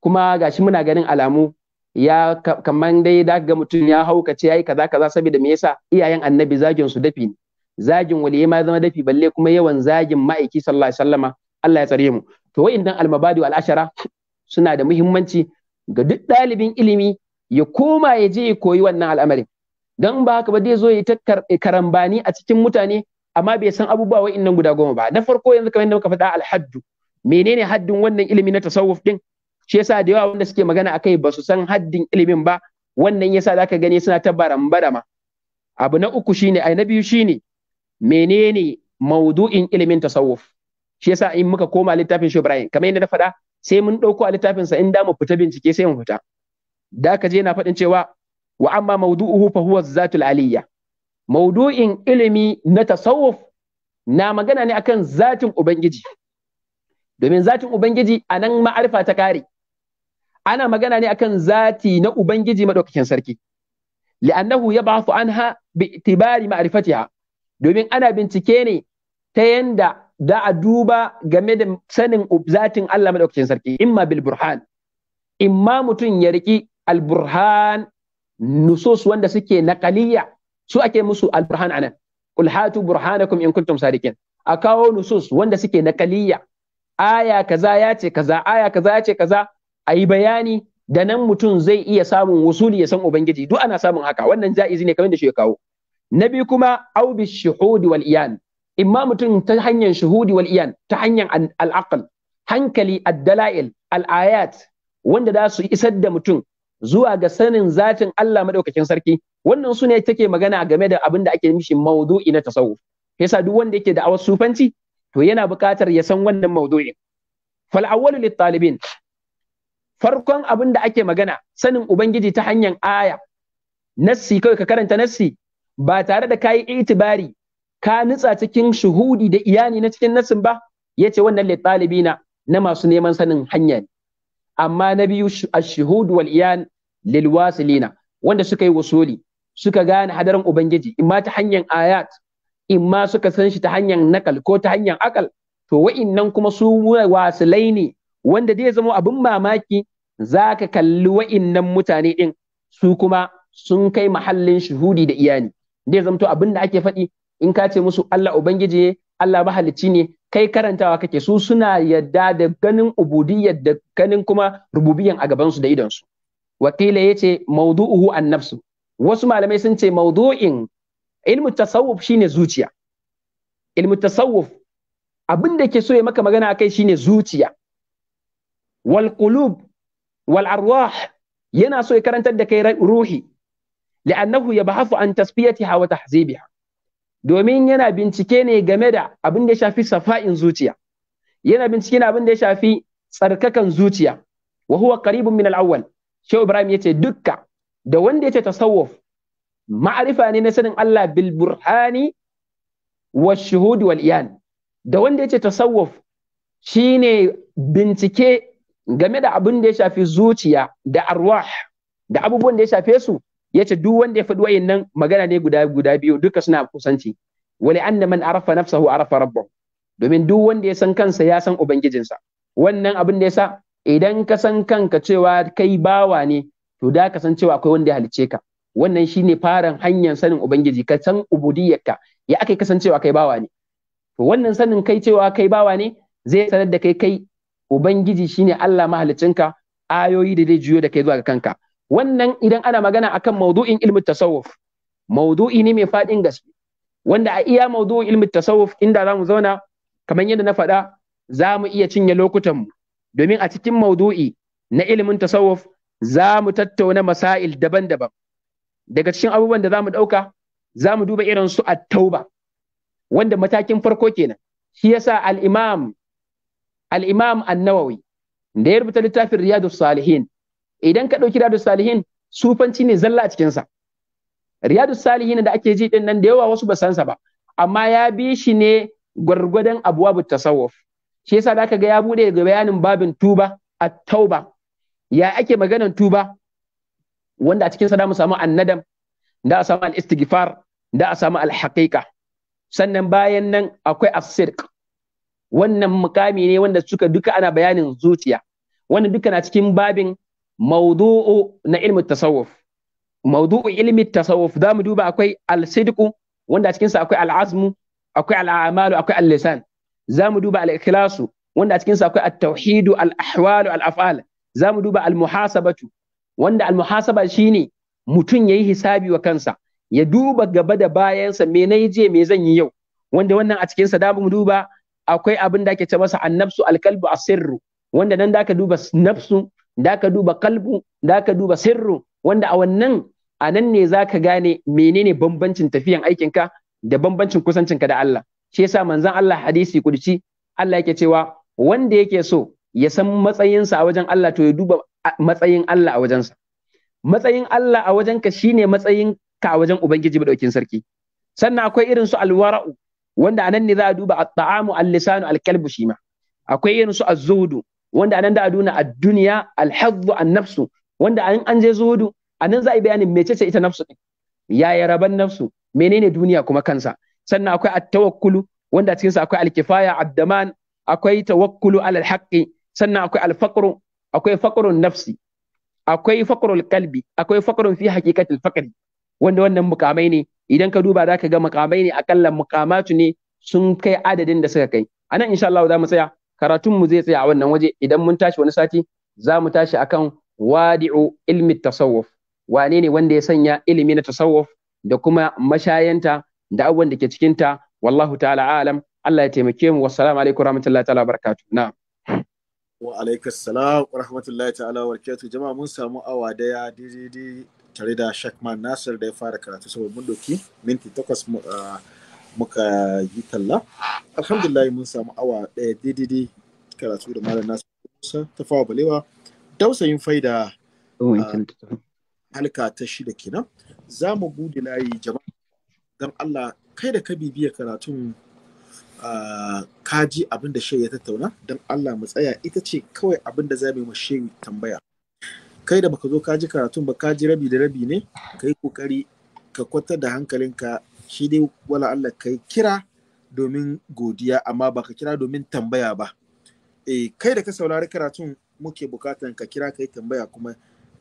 kuma gashi muna ganin alamu ya kaman dai da ga mutum ya haukace yayi kaza kaza saboda me yasa iyayen annabi zagin su dafi ne zagin waliye ma zama dafi balle kuma yawan zagin ma'aiki sallallahu alaihi wasallama Allah ya tsare mu to wa'indan almabadi wal ashara suna da muhimmanci ga duk ɗalibin ilimi ya koma ya je ya koyi wannan al'amarin don ba haka ba zai zo ya karambani a cikin mutane amma bai san abubuwa wa'innan guda goma ba na farko yanzu kamar yadda muka faɗa alhaddu menene haddin wannan ilimi na tasawuf din shi yasa da yawa wanda suke magana akai ba su san haddin ilimin ba wannan yasa zaka gani suna ta barambarama abu na uku shine ai na biyu shine menene maudu'in ilimin tasawuf shi yasa in muka koma littafin shi Ibrahim kamar yadda na faɗa sai mun ɗauko a littafin sa in da mu fita bincike sai mu fita da ka je na faɗin cewa wa amma mawdu'uhu fa huwa zatul aliyya maudu'in ilimi na tasawuf na magana ne akan zatin ubangiji domin zatin ubangiji a nan ma'arifa ta kare ana magana ne akan zati na ubangiji madaukakin sarki li'annahu yab'athu anha bi'tibari ma'rifatiha domin ana bincike ne ta yanda da a duba game da sanin zatin Allah madaukakin sarki imma bil burhan imma mutum ya riki al burhan nusus wanda suke naqaliya su ake musu al burhan anan qul hatu burhanakum in kuntum sadiqin a kawo nusus wanda suke naqaliya aya kaza ya ce kaza aya kaza ya ce kaza a bayani da nan mutum zai iya samun wusuli ya san ubangiji duk ana samun haka wannan ja'izi ne kamar da shi ya kawo na bi kuma au bi shuhud wal iyan imma mutum ta hanyar shuhudi wal iyan ta hanyar al'aqal hankali addala'il, dalail wanda za su isar da mutum zuwa ga sanin zatin Allah madaukakin sarki wannan su ne take magana game da abin da ake mishi maudu'i na tasawuf yasa duk wanda yake da'awar sufanci to yana buƙatar ya san wannan maudu'in fal awwalu lit talibin farkon abin da ake magana sanin ubangiji ta hanyar aya nassi kawai ka karanta nassi ba tare da kayi itibari ka nutsa cikin shuhudi da iyani na cikin nasin ba ce wannan li ɗalibi na masu neman sanin hanya ne amma na biyu a shuhud wal iyan lil wanda suka yi wasoli, suka gane hadarin ubangiji imma ta hanyar ayat imma suka san shi ta hanyar nakal ko ta hanyar akal to wa'innan kuma su wasilai ne wanda zai zama abin mamaki za ka kalli wa'innan mutane ɗin su kuma sun kai mahallin shuhudi da iyani zai zamto abin da ake faɗi in ka ce musu Allah ubangiji ne Allah mahalicci ne kai karantawa kake su suna yadda da ganin ubudiyyar da ganin kuma rububiyan a gaban su da idon su wakila yace mawdu'uhu an wasu malamai sun ce mawdu'in ilmu tasawuf shine zuciya ilmu tasawuf abin da ke so ya maka magana akai shine zuciya wal qulub wal arwah yana so ya karantar da kai ruhi li'annahu yabhafu an tasfiyatiha wa tahzibiha domin yana bincike ne game da abin da ya shafi safa'in zuciya yana bincike abin da ya shafi tsarkakan zuciya wa huwa qaribun min al-awwal shehu ibrahim yace dukka da wanda yace tasawuf ma'arifa ne na sanin Allah bil burhani wa shuhud wal iyan da wanda yace tasawuf shine bincike game da abin da ya shafi zuciya da arwah da abubuwan da ya shafe su Ya ce duk wanda ya faɗi nan magana ne guda guda biyu duka suna kusanci an anna man arafa nafsahu arafa rabbahu domin duk wanda ya san kansa ya san ubangijinsa wannan abin da ya sa idan ka san kanka cewa kai bawa ne to da ka san cewa akwai wanda ya halice ka wannan shine faran hanyar sanin ubangiji ka san ubudiyyarka ya akai kasancewa kai bawa ne to wannan sanin kai cewa kai bawa ne zai sanar da kai kai ubangiji shine Allah mahaliccinka ayoyi da zai juyo da kai zuwa ga kanka wannan idan ana magana akan maudu'in ilmin tasawuf maudu'i ne mai faɗin gaske wanda a iya maudu'in ilmin tasawuf inda zamu zauna kamar yadda na faɗa za mu iya cinye lokutanmu domin a cikin maudu'i na ilimin tasawuf za mu tattauna masail daban-daban daga cikin abubuwan da za mu ɗauka za mu duba irin su at-tauba wanda matakin farko kenan shi yasa al-imam al-imam an-nawawi da ya rubuta littafin riyadus salihin idan ka ɗauki riyadu salihin sufanci ne zalla a cikinsa riyadu salihin da ake ji din nan da yawa wasu ba san sa ba amma ya bi shi ne gwargwadon abuwa tasawuf shi yasa da aka ga ya bude ga bayanin babin tuba at tauba ya ake maganan tuba wanda a cikin sa mu samu annadam da a samu al-istighfar da a samu al-haqiqa sannan bayan nan akwai asirk wannan mukami ne wanda suka duka ana bayanin zuciya wannan duka na cikin babin mawdu'u na ilmin tasawuf mawdu'u ilmi tasawuf za mu duba akwai al-sidqu wanda a cikinsa akwai al-azmu akwai al-amalu akwai al-lisan za mu duba al-ikhlasu wanda a cikinsa akwai at-tauhidu al-ahwalu al-af'al za mu duba al-muhasabatu wanda al-muhasaba shine mutum yayi hisabi wa kansa ya duba gaba da bayansa me nayi je me zan yi yau wanda wannan a cikinsa da mu duba akwai abin da ake ce masa annafsu al-qalbu as-sirru wanda nan da ka duba nafsu da ka duba kalbu da ka duba sirru wanda a wannan a nan ne za ka gane menene bambancin tafiyan aikinka da bambancin kusancinka da Allah shi yasa manzon Allah hadisi kudici Allah yake cewa wanda yake so ya san matsayinsa a wajen Allah to ya duba matsayin Allah a wajensa matsayin Allah a wajenka shine matsayin ka a wajen ubangiji madaukin sarki sannan akwai irin su alwara'u wanda a nan ne za a duba at-ta'amu al-lisanu al-kalbu shima akwai irin su az-zuhdu wanda anan da aduna a duniya, al an-nafsu wanda an an je zuhudu anan za a yi bayanin mecece ita nafsu din yaya raban nafsu menene duniya kuma kansa sannan akwai at wanda cikin sa akwai alkifaya kifaya ad-daman akwai tawakkulu alal haqqi sannan akwai al akwai faqrun nafsi akwai faqrul qalbi akwai faqrun fi haqiqatil faqri wanda wannan mukamai ne idan ka duba zaka ga mukamai ne akalla mukamatu ne sun kai adadin da suka kai anan insha Allah za mu tsaya karatun mu zai tsaya a wannan waje idan mun tashi wani sati za mu tashi akan wadi'u ilmi tasawuf wane ne wanda ya sanya ilimi na tasawuf da kuma mashayanta da abubuwan da ke cikinta wallahu ta'ala alam Allah ya taimake mu wassalamu alaikum warahmatullahi ta'ala barakatuh na. wa alaikum salam wa rahmatullahi ta'ala wa barakatuh jama'a mun samu awa daya daidai tare da Shakman Nasir da ya fara karatu saboda mun doki minti takwas ah, muka yi talla alhamdulillah mun samu awa ɗaya daidai karatu da malam nasu ta fawa balewa dausayin faida ah, halka ta shida kenan za mu bude layi jama'a don allah kai da ka bibiya karatun ah, kaji abin da shehu ya tattauna don allah mu tsaya ita ce kawai abin da za mu shehu tambaya kai da baka zo kaji karatun ba kaji rabi da rabi ne ka yi kokari ka kwatar da hankalinka shi dai wala Allah ka kira domin godiya amma ba ka kira domin tambaya ba e, kai da ka saurari karatun muke bukatan ka kira ka yi tambaya kuma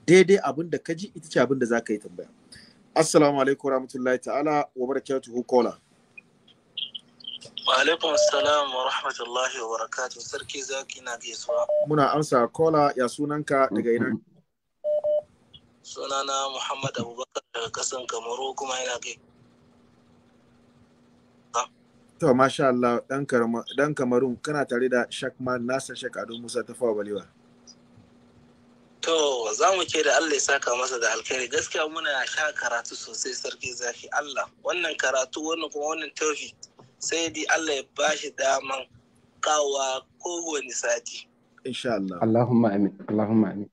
daidai abin da ka ji ita ce abin da za ka yi tambaya assalamu alaikum rahmatullahi ta'ala wa barakatuhu kola wa alaikum assalam wa rahmatullahi wa barakatuh sarki zaki na gaisuwa muna amsa kola ya sunanka daga ina sunana muhammad abubakar daga kasan kamaru kuma yana gaisuwa To, masha Allah, ɗan Kamarun, kana tare da Shakman Nasir Shekadu Musa ta fawa baliwa. To, za mu ce da Allah ya saka masa da alkhairi gaskiya muna sha karatu sosai sarki zafi Allah. Wannan karatu wannan kuma wannan tofi sai dai Allah ya bashi daman kawa kowane sati. Insha Allah. Allahumma amin. Allahumma amin.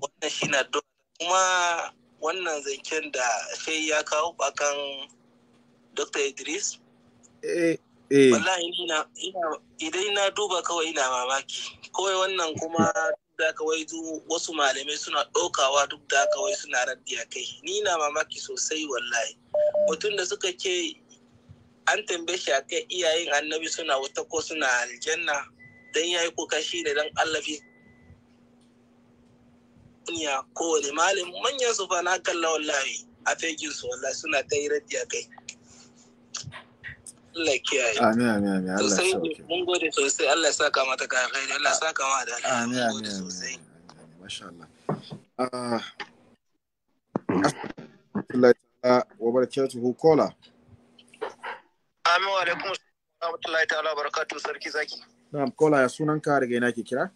Wannan shi na kuma wannan zanken da shai ya kawo bakan Dr. Idris eh, eh. ina idan na duba kawai ina mamaki kawai wannan kuma da kawai wasu malamai suna ɗaukawa duk da kawai suna a kai ni na mamaki sosai wallahi mutum da suka ke an tambaye shi kai iyayen annabi suna wuta ko suna aljanna dan yayi kuka shi ne dan allafi duniya kowane manyan su fa na kalla wallahi a fegin su wallahi suna ta yi a kai Allah kiyaye amin amin amin Allah sosai mun gode sosai Allah ya saka mata ka alkhairi Allah ya saka mata da amin amin amin, masha Allah ah wa hu kola amin wa alaikum assalamu rahmatullahi ta'ala barakatuhu sarki zaki na'am kola ya sunan ka daga ina ke kira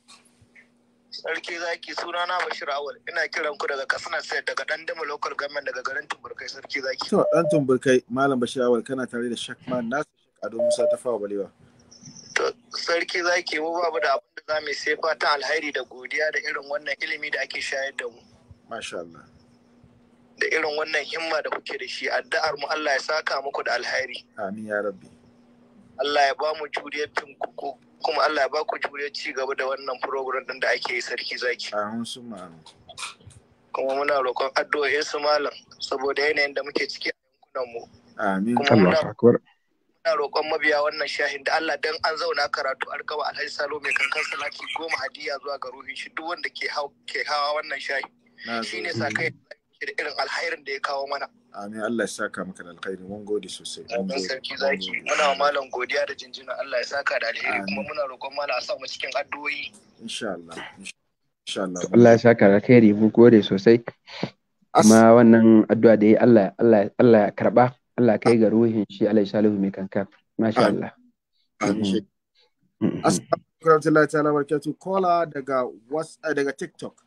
Sarki zaki sunana Bashir Awal ina kiran ku daga Katsina State daga dama local government daga garin Tumburkai sarki zaki. To dan Tumburkai Malam Bashir Awal kana tare da Shakman Nasir Ado Musa ta fawa balewa. To sarki zaki mu babu da abin da za mu sai fatan alheri da godiya da irin wannan ilimi da ake shayar da mu. Masha Allah. Da irin wannan himma da kuke da shi addu'ar mu Allah ya saka muku da alheri. Amin ya rabbi. Allah ya ba mu juriyar ku kuma Allah ya ba ku juriyar ci gaba da wannan program din da ake yi sarki zaki. Amin su Kuma muna roƙon addu'o'in su malam saboda yanayin da muke ciki a yankunan mu. Amin. muna roƙon mabiya wannan shahin da Allah dan an zauna karatu arkaba alhaji salo mai kankan salati goma hadiya zuwa ga ruhin shi duk wanda ke hawa wannan shahi ne sa kai irin alhairin da ya kawo mana amin Allah ya saka maka da alkhairi mun gode sosai amin sarki zaki muna wa malam godiya da jinjina Allah ya saka da alheri kuma muna roƙon malam a sa mu cikin addu'o'i insha Allah insha Allah Allah ya saka da alkhairi mun gode sosai kuma wannan addu'a da ya Allah Allah Allah ya karba Allah kai ga ruhin shi Allah ya salihu mai kanka masha Allah amin assalamu alaikum warahmatullahi ta'ala barakatuh kola daga daga TikTok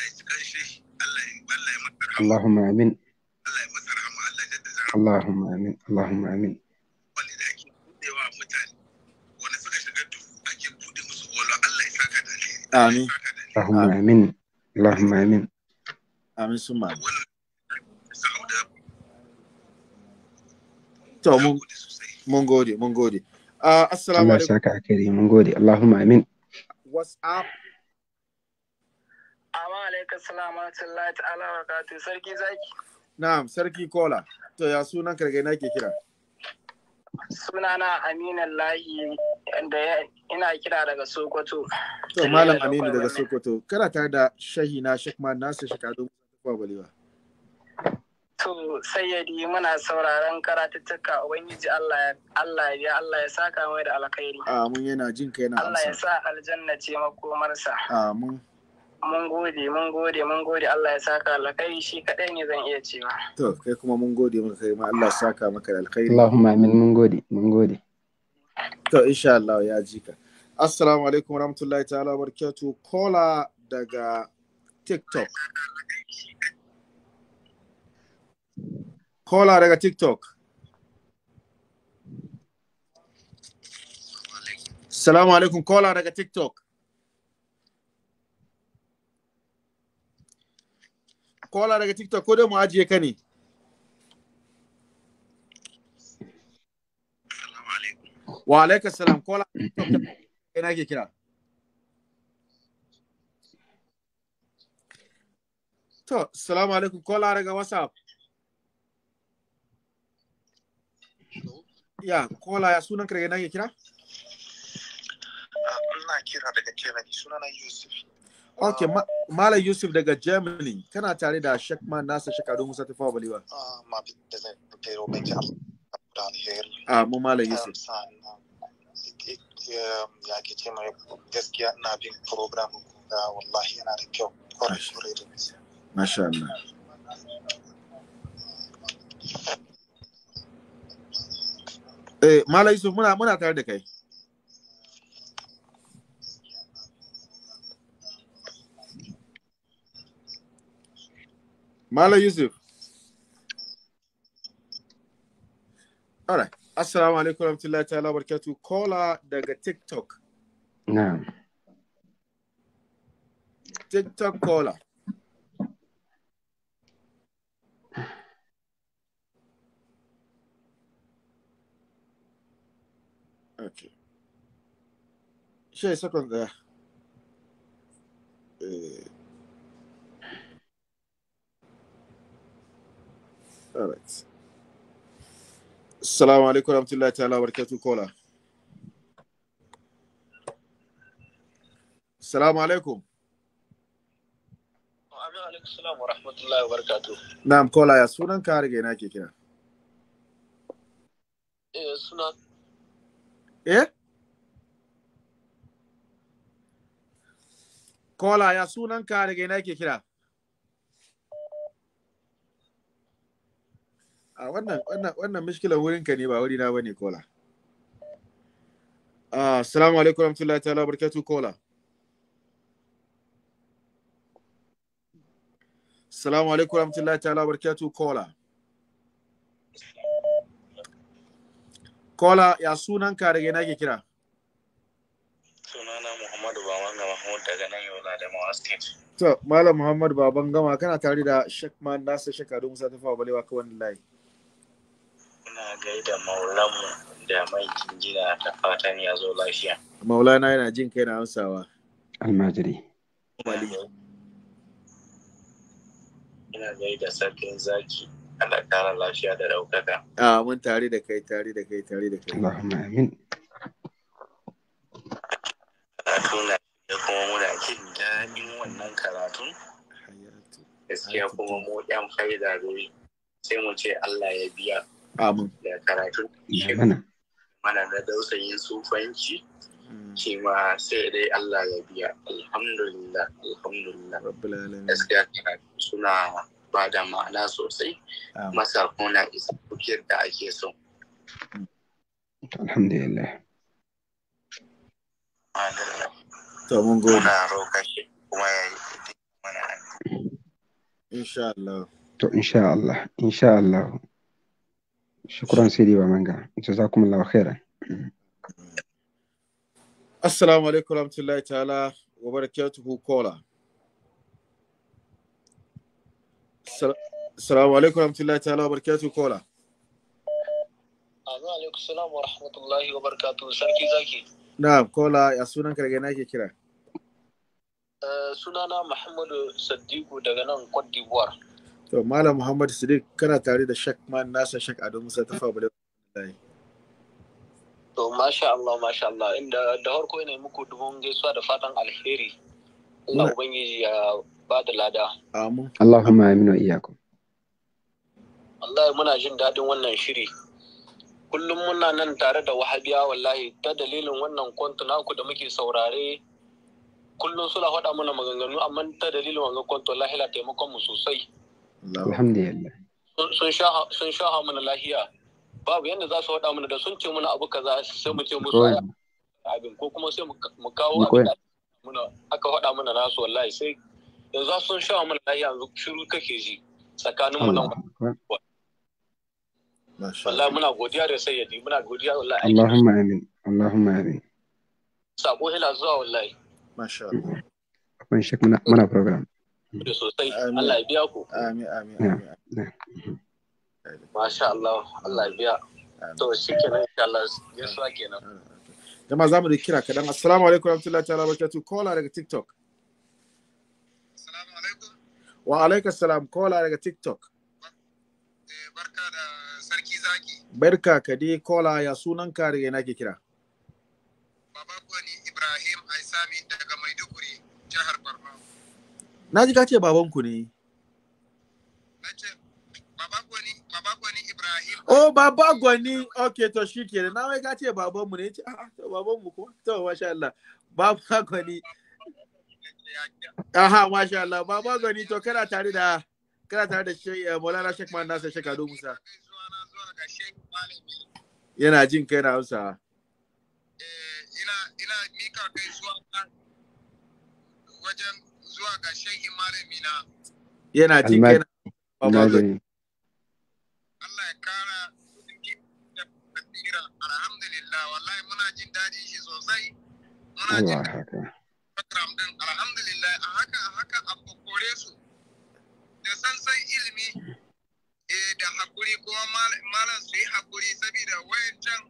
Allahumma amin Allah ya masa rahama amin Allahumma amin Allahumma amin amin to mun mun gode mun gode ah, assalamu alaikum mun gode Allahumma amin what's up ta'ala wa sarki zaki na'am sarki kola to ya sunan karge na ke kira sunana Aminu Lahi da ina kira daga Sokoto to malam Aminu daga Sokoto kana tare da shahi na Shekman Nasir Shekadu Kwa Baliwa To sayyadi muna sauraron karatuttuka Ubangiji Allah Allah ya Allah ya saka mai da alkhairi. Amin yana jin kai na Allah ya sa aljanna ce makomarsa. Amin. mun gode mun gode mun gode Allah ya saka alkhairi shi kadai ne zan iya cewa to kai kuma mun gode mun kai ma Allah ya saka maka alkhairi Allahumma amin mun gode mun gode to insha Allah ya ji ka assalamu alaikum warahmatullahi ta'ala barakatuh kola daga TikTok kola daga TikTok assalamu alaikum kola daga TikTok. kola daga TikTok ko dai mu ajiye ka ne. Wa alaika salam kola kai nake kira. To, salamu alaikum kola daga WhatsApp. Ya, kola ya sunan ka daga nake kira? Ah, ina kira daga Kebbi, sunana Yusuf. Ok, Malam Yusuf daga Germany, kana tare da Shekma Nasa Shekaru Musa Tufawa Baliwa. Ah, mu Yusuf. Ya ke ce mai gaskiya bin program da wallahi yana da kyau Yusuf muna muna tare da kai. Mala Yusuf. All right. Assalamu alaikum warahmatullahi ta'ala wa barakatuh. her the TikTok. No. TikTok caller. Okay. Share a second there. Uh, Alright. Assalamu alaikum warahmatullahi ta'ala barakatuh kola. Assalamu alaikum. Assalamu rahmatullahi wabarakatuh. Na'am kola ya sunan ka rage na ke kira. Eh sunan. Eh? Kola ya sunan ka rage na ke kira. a wannan wannan wannan mishkilar wurin ka ne ba wuri na bane kola assalamu alaikum warahmatullahi ta'ala barkatu kola assalamu alaikum warahmatullahi ta'ala barkatu kola kola ya sunan ka daga ina ke kira sunana muhammadu babanga mahmud daga nan yau da mawa state to malam muhammadu baban gama kana tare da shekman nasa shekaru musa tafawa balewa kawai layi gaida maulanmu da mai jingina ta fatan ya zo lafiya. Maulana yana jin kai na amsawa. Almajiri. Ina gaida sarkin zaki Allah kara lafiya da ɗaukaka. A mun tare da kai tare da kai tare da kai. Allahumma amin. Karatu na da kuma muna jin daɗin wannan karatun. Gaskiya kuma mu ɗan faida sai mu ce Allah ya biya. Amin. Da karatu. shi mana. Mana na dausayin sufanci. Hmm. Shi ma sai dai Allah ya biya. Alhamdulillah, alhamdulillah. Rabbul alamin. Gaskiya suna ba da ma'ana sosai. Masa kuna isa kukiyar da ake so. Alhamdulillah. To mun gode. Muna roƙa shi kuma ya yi mana. Insha Allah. To insha Allah, insha Allah. شكرا سيدي ومانجا جزاكم الله خيرا السلام عليكم ورحمة الله تعالى وبركاته كولا السلام عليكم wa الله تعالى وبركاته كولا alaikum salam wa wa barkatu sarki zaki kola ya sunan kira sunana muhammadu saddiku daga nan to malam muhammad sadiq kana tare da shak man nasa shak Adamu musa ta fabule to masha Allah masha Allah inda da harko ne muku dubun gaisuwa da fatan alheri Allah ubangiji ya ba da lada amin Allahumma amin wa iyyakum wallahi muna jin daɗin wannan shiri kullum muna nan tare da wahabiya wallahi ta dalilin wannan kwanto naku da muke saurare kullum suna faɗa mana maganganu amma ta dalilin wannan kwanto wallahi la taimakon mu sosai alhamdulillah sun sha sun mana lahiya babu yadda za su waɗa mana da sun ce mana abu kaza sai mu ce musu abin ko kuma sai mu kawo muna aka faɗa mana nasu wallahi sai yanzu sun sha mana lahiya yanzu shiru kake ji tsakanin mu nan wallahi muna godiya da sayyadi muna godiya wallahi Allahumma amin Allahumma amin sako ila zuwa wallahi masha Allah akwai shek muna program da sosai Allah ya biya ku amin amin masha Allah Allah ya biya to insha Allah kenan jama'a zamu da kira kadan assalamu alaikum ta'ala barakatuh daga tiktok assalamu alaikum wa alaikum salam kola daga tiktok eh, barka da sarki zaki barka ka dai ya sunanka daga yana ke kira baba Na ji ka ce ku ne. Oh, baba gwani. ok, to shi ke Na wai ka ce mu ne. Ce, ah, to mu ko? To, masha Allah. Baba gwani. Aha, masha Allah. Baba gwani, to kana tare da kana tare da shi eh, Maulana Sheikh Man nasa Sheikh Ado Musa. Yana jin kai na Hausa. Eh, ina ina mika kai zuwa wajen zuwa ga shehi malami na yana ji kenan Allah ya kara alhamdulillah wallahi muna jin daɗi shi sosai muna jin program din alhamdulillah a haka a haka a kokore su da sansan ilimi Eh da hakuri kuma malam su yi hakuri saboda wayancan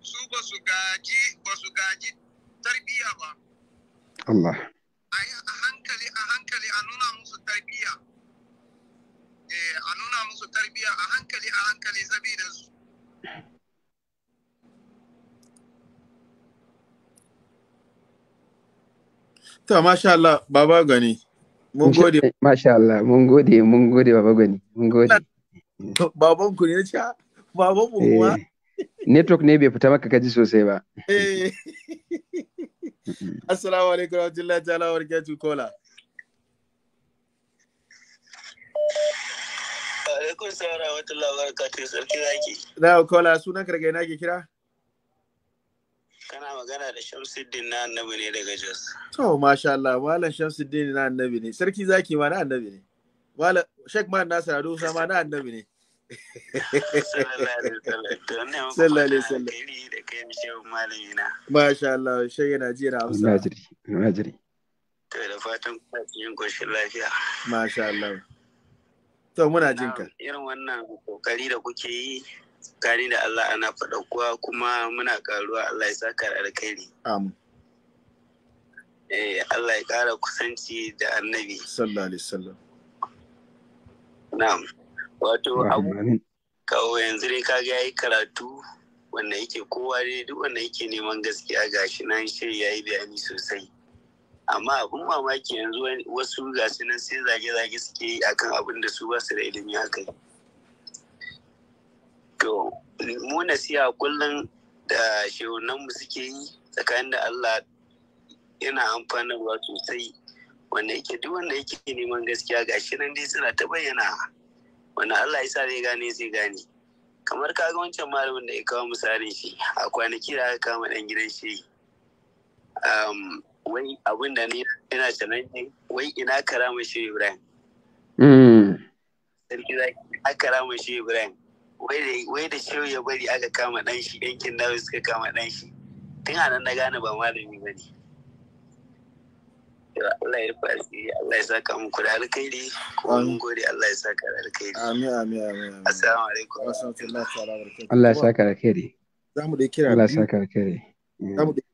su ba su gaji ba su gaji tarbiyya ba Allah tafiya a hankali a hankali saboda su Ta masha Allah, Baba Gani, mun gode. Masha Allah, mun gode, mun gode, Baba Gani, mun gode. Baban ku ne cha Baban mu ma. Eh, network ne bai fita maka kaji sosai ba. Eh. Assalamu alaikum wa rahmatullahi ta'ala wa barakatuh kola. alaikum salam wata wa barakatuh sarki zaki. Na kola sunan karge na ke kira? Kana magana da Shamsuddin na annabi ne daga Jos. To masha Allah malam Shamsuddin na annabi ne sarki zaki ma na annabi ne. Malam Sheikh Man Nasir Ado ma na annabi ne. Sallallahu alaihi wasallam. Sallallahu alaihi wasallam. malami na. Masha Allah Sheikh yana ji Najiri, amsa. da fatan kuna cikin koshin lafiya. Masha Allah. To muna jin ka. Irin wannan kokari da kuke yi gani da Allah ana kuwa kuma muna ƙaruwa Allah ya saka da alkhairi. Amin. Eh Allah ya kara kusanci da annabi. Sallallahu alaihi wasallam. Na'am. Wato abu kawo yanzu ne kaga yayi karatu wanda yake kowa dai duk wanda yake neman gaskiya gashi nan shi yayi bayani sosai. amma abin mamaki yanzu wasu ga nan sai zage-zage suke yi akan abin da su ba su da ilimi haka to mu nasiha kullum da shehunanmu suke yi tsakanin da Allah yana amfanarwa sosai wanda yake duk wanda yake neman gaskiya ga shi nan dai suna ta bayyana wanda Allah ya sa zai gane zai gane kamar ka ga wancan malamin da ya kawo misalin shi a kwanaki da aka kama dan gidan shi um, wai abin da ni ina challenge wai ina karama shi Ibrahim mm. sarki zaki a karama shi Ibrahim wai da shehu ya bari aka kama dan shi yankin dawo suka kama dan shi tun anan na gane ba malami ba bane Allah ya fasi Allah ya saka muku da alkhairi kuma mun gode Allah ya saka da alkhairi amin amin amin assalamu alaikum Allah ya saka da alkhairi zamu da kira Allah ya saka da alkhairi zamu da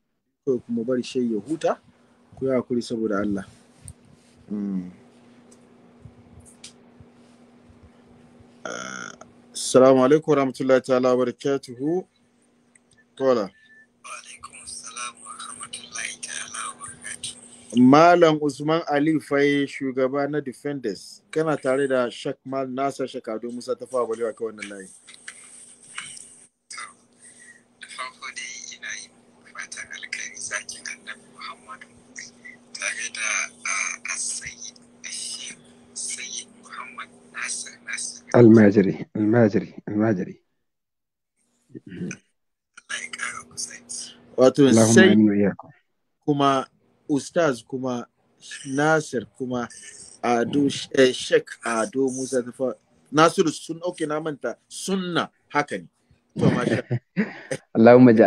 kawai kuma bari shi ya huta ku yi hakuri saboda Allah hmm. Assalamu alaikum wa rahmatullahi ta'ala wa barakatuhu. Kola. Malam Usman Ali Fai shugaba na Defenders kana tare da Shakmal Mal Nasa Shakadu Musa ta fawa balewa ka wannan layi. Almajiri, almajiri, almajiri. Wato sai kuma Ustaz kuma Nasir kuma Ado Sheikh Ado Musa Nasiru sun okay na manta sunna haka ne. Allahumma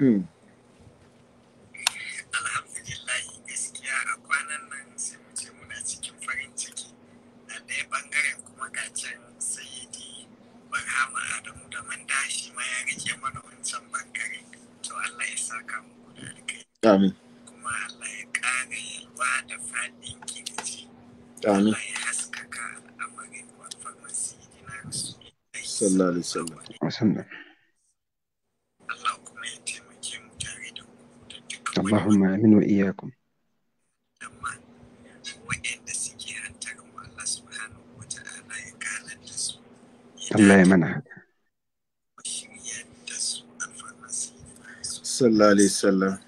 Mm. alhamdulillahi gaskiya a kwanan nan sai mu ce muna cikin farin ciki a ɗaya kuma ga can sayyidi barhama adamu da manda shi ma ya rike mana wancan ɓangaren to allah ya saka muku da alkai amin kuma allah ya ƙara yalwa da faɗin kirji amin haskaka al'amarin wa farmasi dinar su sallallahu alaihi اللهم امين واياكم الله يمنعك صلى الله عليه وسلم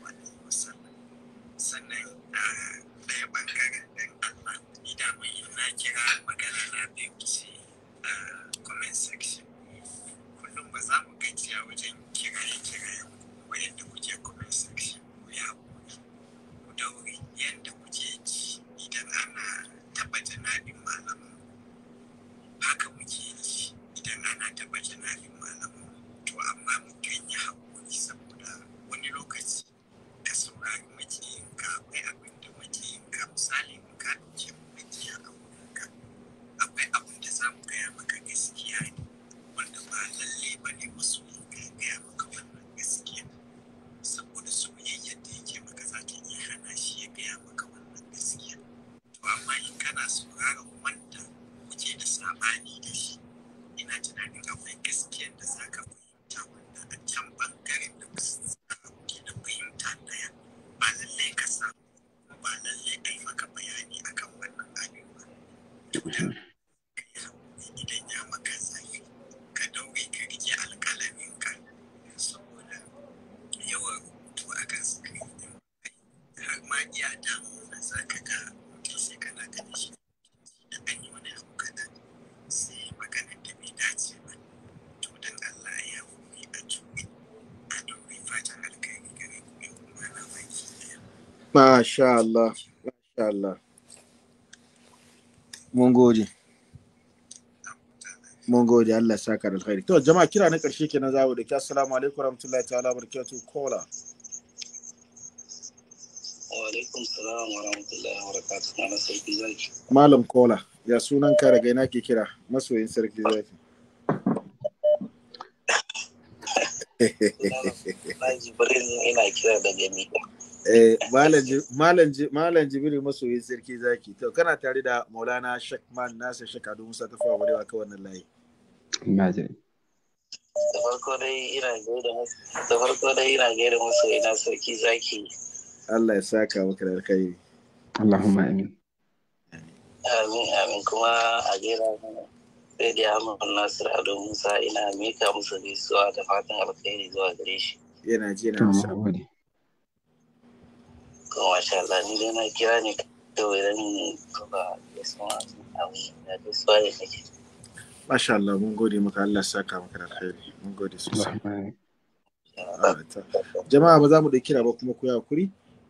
iya da za ka ga mutum sai kana ganin shi da an yi wani abu kaɗan sai maganar da bai dace ba to don Allah ya wuri a tuɓe a domin fatan alkhairi gare ku ɗan kuma na baki ɗaya. Masha Allah, Masha Allah. Mun gode. mun gode Allah saka da alkhairi to jama'a kira na karshe kenan zawo da ki assalamu alaikum warahmatullahi ta'ala barakatuh kola Assalamu warahmatullahi wabarakatuh. Malam Sarki Zaki. Malam Kola, ya sunan ka daga ina ke kira masoyin Sarki Zaki. Jibril ina kira daga Mika. Eh, Malam Jibril masoyin Sarki Zaki. To kana tare da Maulana Shekman Nasir Shekadu Musa ta fawa wadewa ka wannan layi. Ina Da farko dai ina gaida masoyina Sarki Zaki. Allah ya saka maka da alkhairi Allahumma amin amin amin kuma a jera sai da Ahmad Nasir Ado Musa ina mika musu gaisuwa da fatan alkhairi zuwa gare shi yana ji na sabani ko masha Allah ni dai na kira ne kawai dan kuma gaisuwa da gaisuwa da kake Masha Allah, mun gode maka Allah ya saka maka da alkhairi. Mun gode sosai. Jama'a ba za mu da kira ba kuma ku yi hakuri.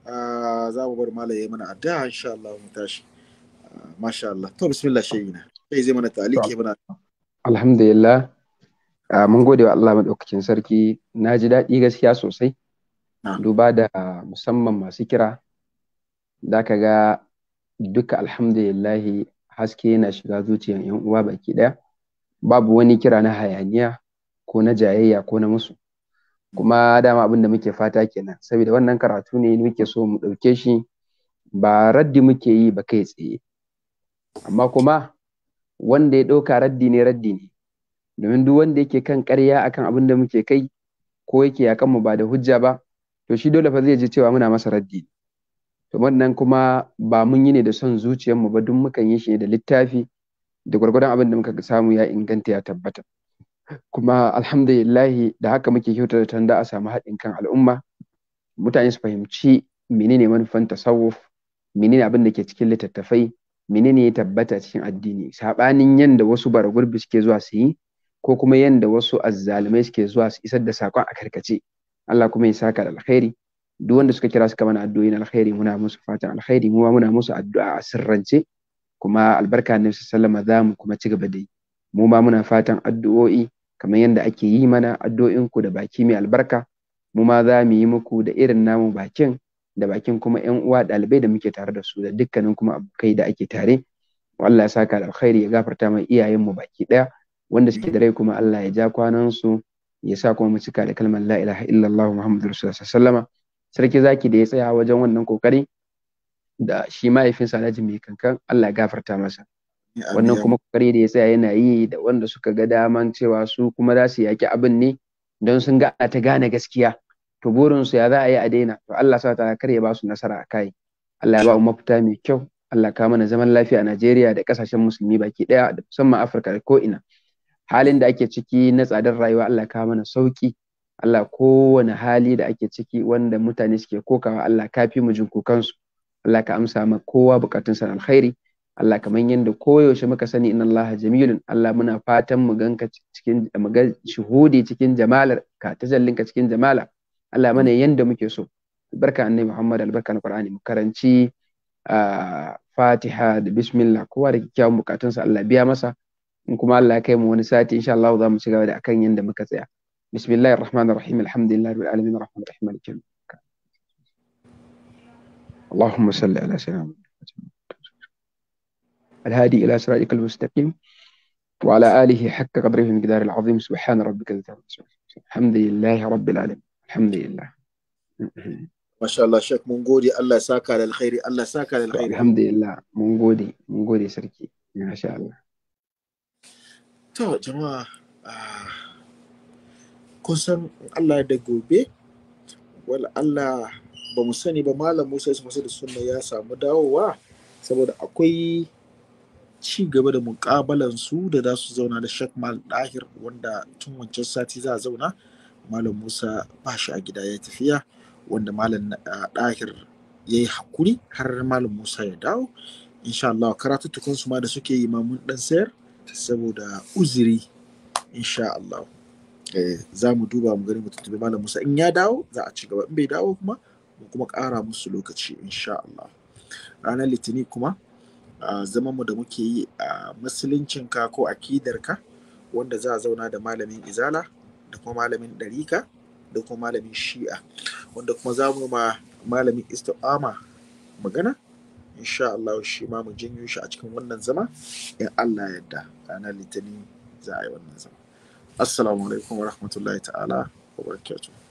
Ah, za mu bar malaye yayi mana addu'a insha Allah mu tashi ah, masha Allah to bismillah shayina sai zai mana taliki mana alhamdulillah ah, mun gode wa Allah madaukakin sarki na ji daɗi gaskiya sosai duba da musamman masu kira da ka ga duka alhamdulillah haske yana shiga zuciyar yan uwa baki ɗaya babu wani kira na hayaniya ko na jayayya ko na musu kuma dama abin da muke fata kenan saboda wannan karatu ne muke so mu ɗauke shi ba raddi muke yi ba kai tsaye amma kuma wanda ya ɗauka raddi ne raddi ne domin duk wanda yake kan ƙarya akan abin da muke kai ko yake yakan mu ba da hujja ba to shi dole fa zai ji cewa muna masa raddi to wannan kuma ba mun yi ne da son zuciyarmu ba duk mukan yi shi ne da littafi da gwargwadon abin da muka samu ya inganta ya tabbata kuma alhamdulillahi da haka muke kyautar da tanda a samu haɗin kan al'umma mutane su fahimci menene manufan tasawuf menene abin da ke cikin littattafai menene ya tabbata cikin addini saɓanin yanda wasu bara gurbi suke zuwa su yi ko kuma yanda wasu azzalumai suke zuwa su isar da saƙon a karkace Allah kuma ya saka da alkhairi duk wanda suka kira suka mana addu'o'in alkhairi muna musu fatan alkhairi mu muna musu addu'a a sirrance kuma albarka na sallama za mu kuma ci gaba da yi mu ma muna fatan addu'o'i kamar yadda ake yi mana addu'o'inku da baki mai albarka mu ma za mu yi muku da irin namu bakin da bakin kuma yan uwa ɗalibai da muke tare da su da dukkanin kuma abokai da ake tare Allah ya saka da alkhairi ya gafarta mai iyayen mu baki ɗaya wanda suke da rai kuma Allah ya ja kwanan su ya sa kuma mu cika da kalmar la ilaha illallah muhammadur rasulullah sallama sarki zaki da ya tsaya wajen wannan kokari da shi mahaifinsa Alhaji mai kankan Allah ya gafarta masa wannan kuma kokari da ya tsaya yana yi da wanda suka ga daman cewa su kuma za su yaki abin ne don sun ga ta gane gaskiya to burin su ya za a yi a daina to Allah sa ta kar ya ba su nasara a kai Allah ya ba mu mafita mai kyau Allah ka mana zaman lafiya a Najeriya da kasashen musulmi baki ɗaya da musamman Afirka da ko halin da ake ciki na tsadar rayuwa Allah ka mana sauki Allah kowane hali da ake ciki wanda mutane suke kokawa Allah ka fi mu jin kukansu Allah ka amsa ma kowa bukatunsa alkhairi Allah kamar yadda koyaushe muka sani inna Allah jamilun Allah muna fatan mu ganka cikin mu ga shuhudi cikin jamalar ka tajallinka cikin jamala Allah mana yanda muke so barka annabi Muhammad albarka na Qur'ani mu karanci Fatiha da bismillah kowa da kikkiawan bukatunsa Allah biya masa in kuma Allah ya kai mu wani sati insha Allah za mu ci gaba da akan yanda muka tsaya bismillahir rahmanir rahim alhamdulillahi rabbil alamin arrahmanir rahim Allahumma salli ala sayyidina Muhammad الهادي إلى صراطك المستقيم وعلى آله حق قدره المقدار العظيم سبحان ربك الحمد لله رب العالمين الحمد لله ما شاء الله شيخ mun gode Allah saka da alkhairi Allah saka da alkhairi alhamdulillah mun gode mun gode sarki masha Allah to jama'a kun san Allah da gobe wala Allah ba mu sani ba malam Musa Ismail da sunna ya samu dawowa saboda akwai ci gaba da mukabalan su da za su zauna da Sheikh Mal Dahir wanda tun wancan sati za a zauna Malam Musa ba shi a gida ya tafiya wanda Malam eh, Dahir ya yi hakuri har Malam Musa ya dawo insha Allah karatuttukan su ma da suke yi ma mun dan sayar saboda uzuri insha Allah eh, za mu duba mu gani mu tuntubi Malam Musa in ya dawo za a ci gaba in bai dawo kuma mu kuma ƙara musu lokaci insha Allah ranar litinin kuma Zaman mu da muke yi a ka ko ka wanda za a zauna da malamin izala da kuma malamin ɗarika da kuma malamin shi'a wanda kuma za mu ma malamin istiqama magana insha Allah shi ma mu janyo shi a cikin wannan zama in Allah yadda ranar litinin za a yi wannan zama assalamu alaikum wa rahmatullahi ta'ala wa barakatuh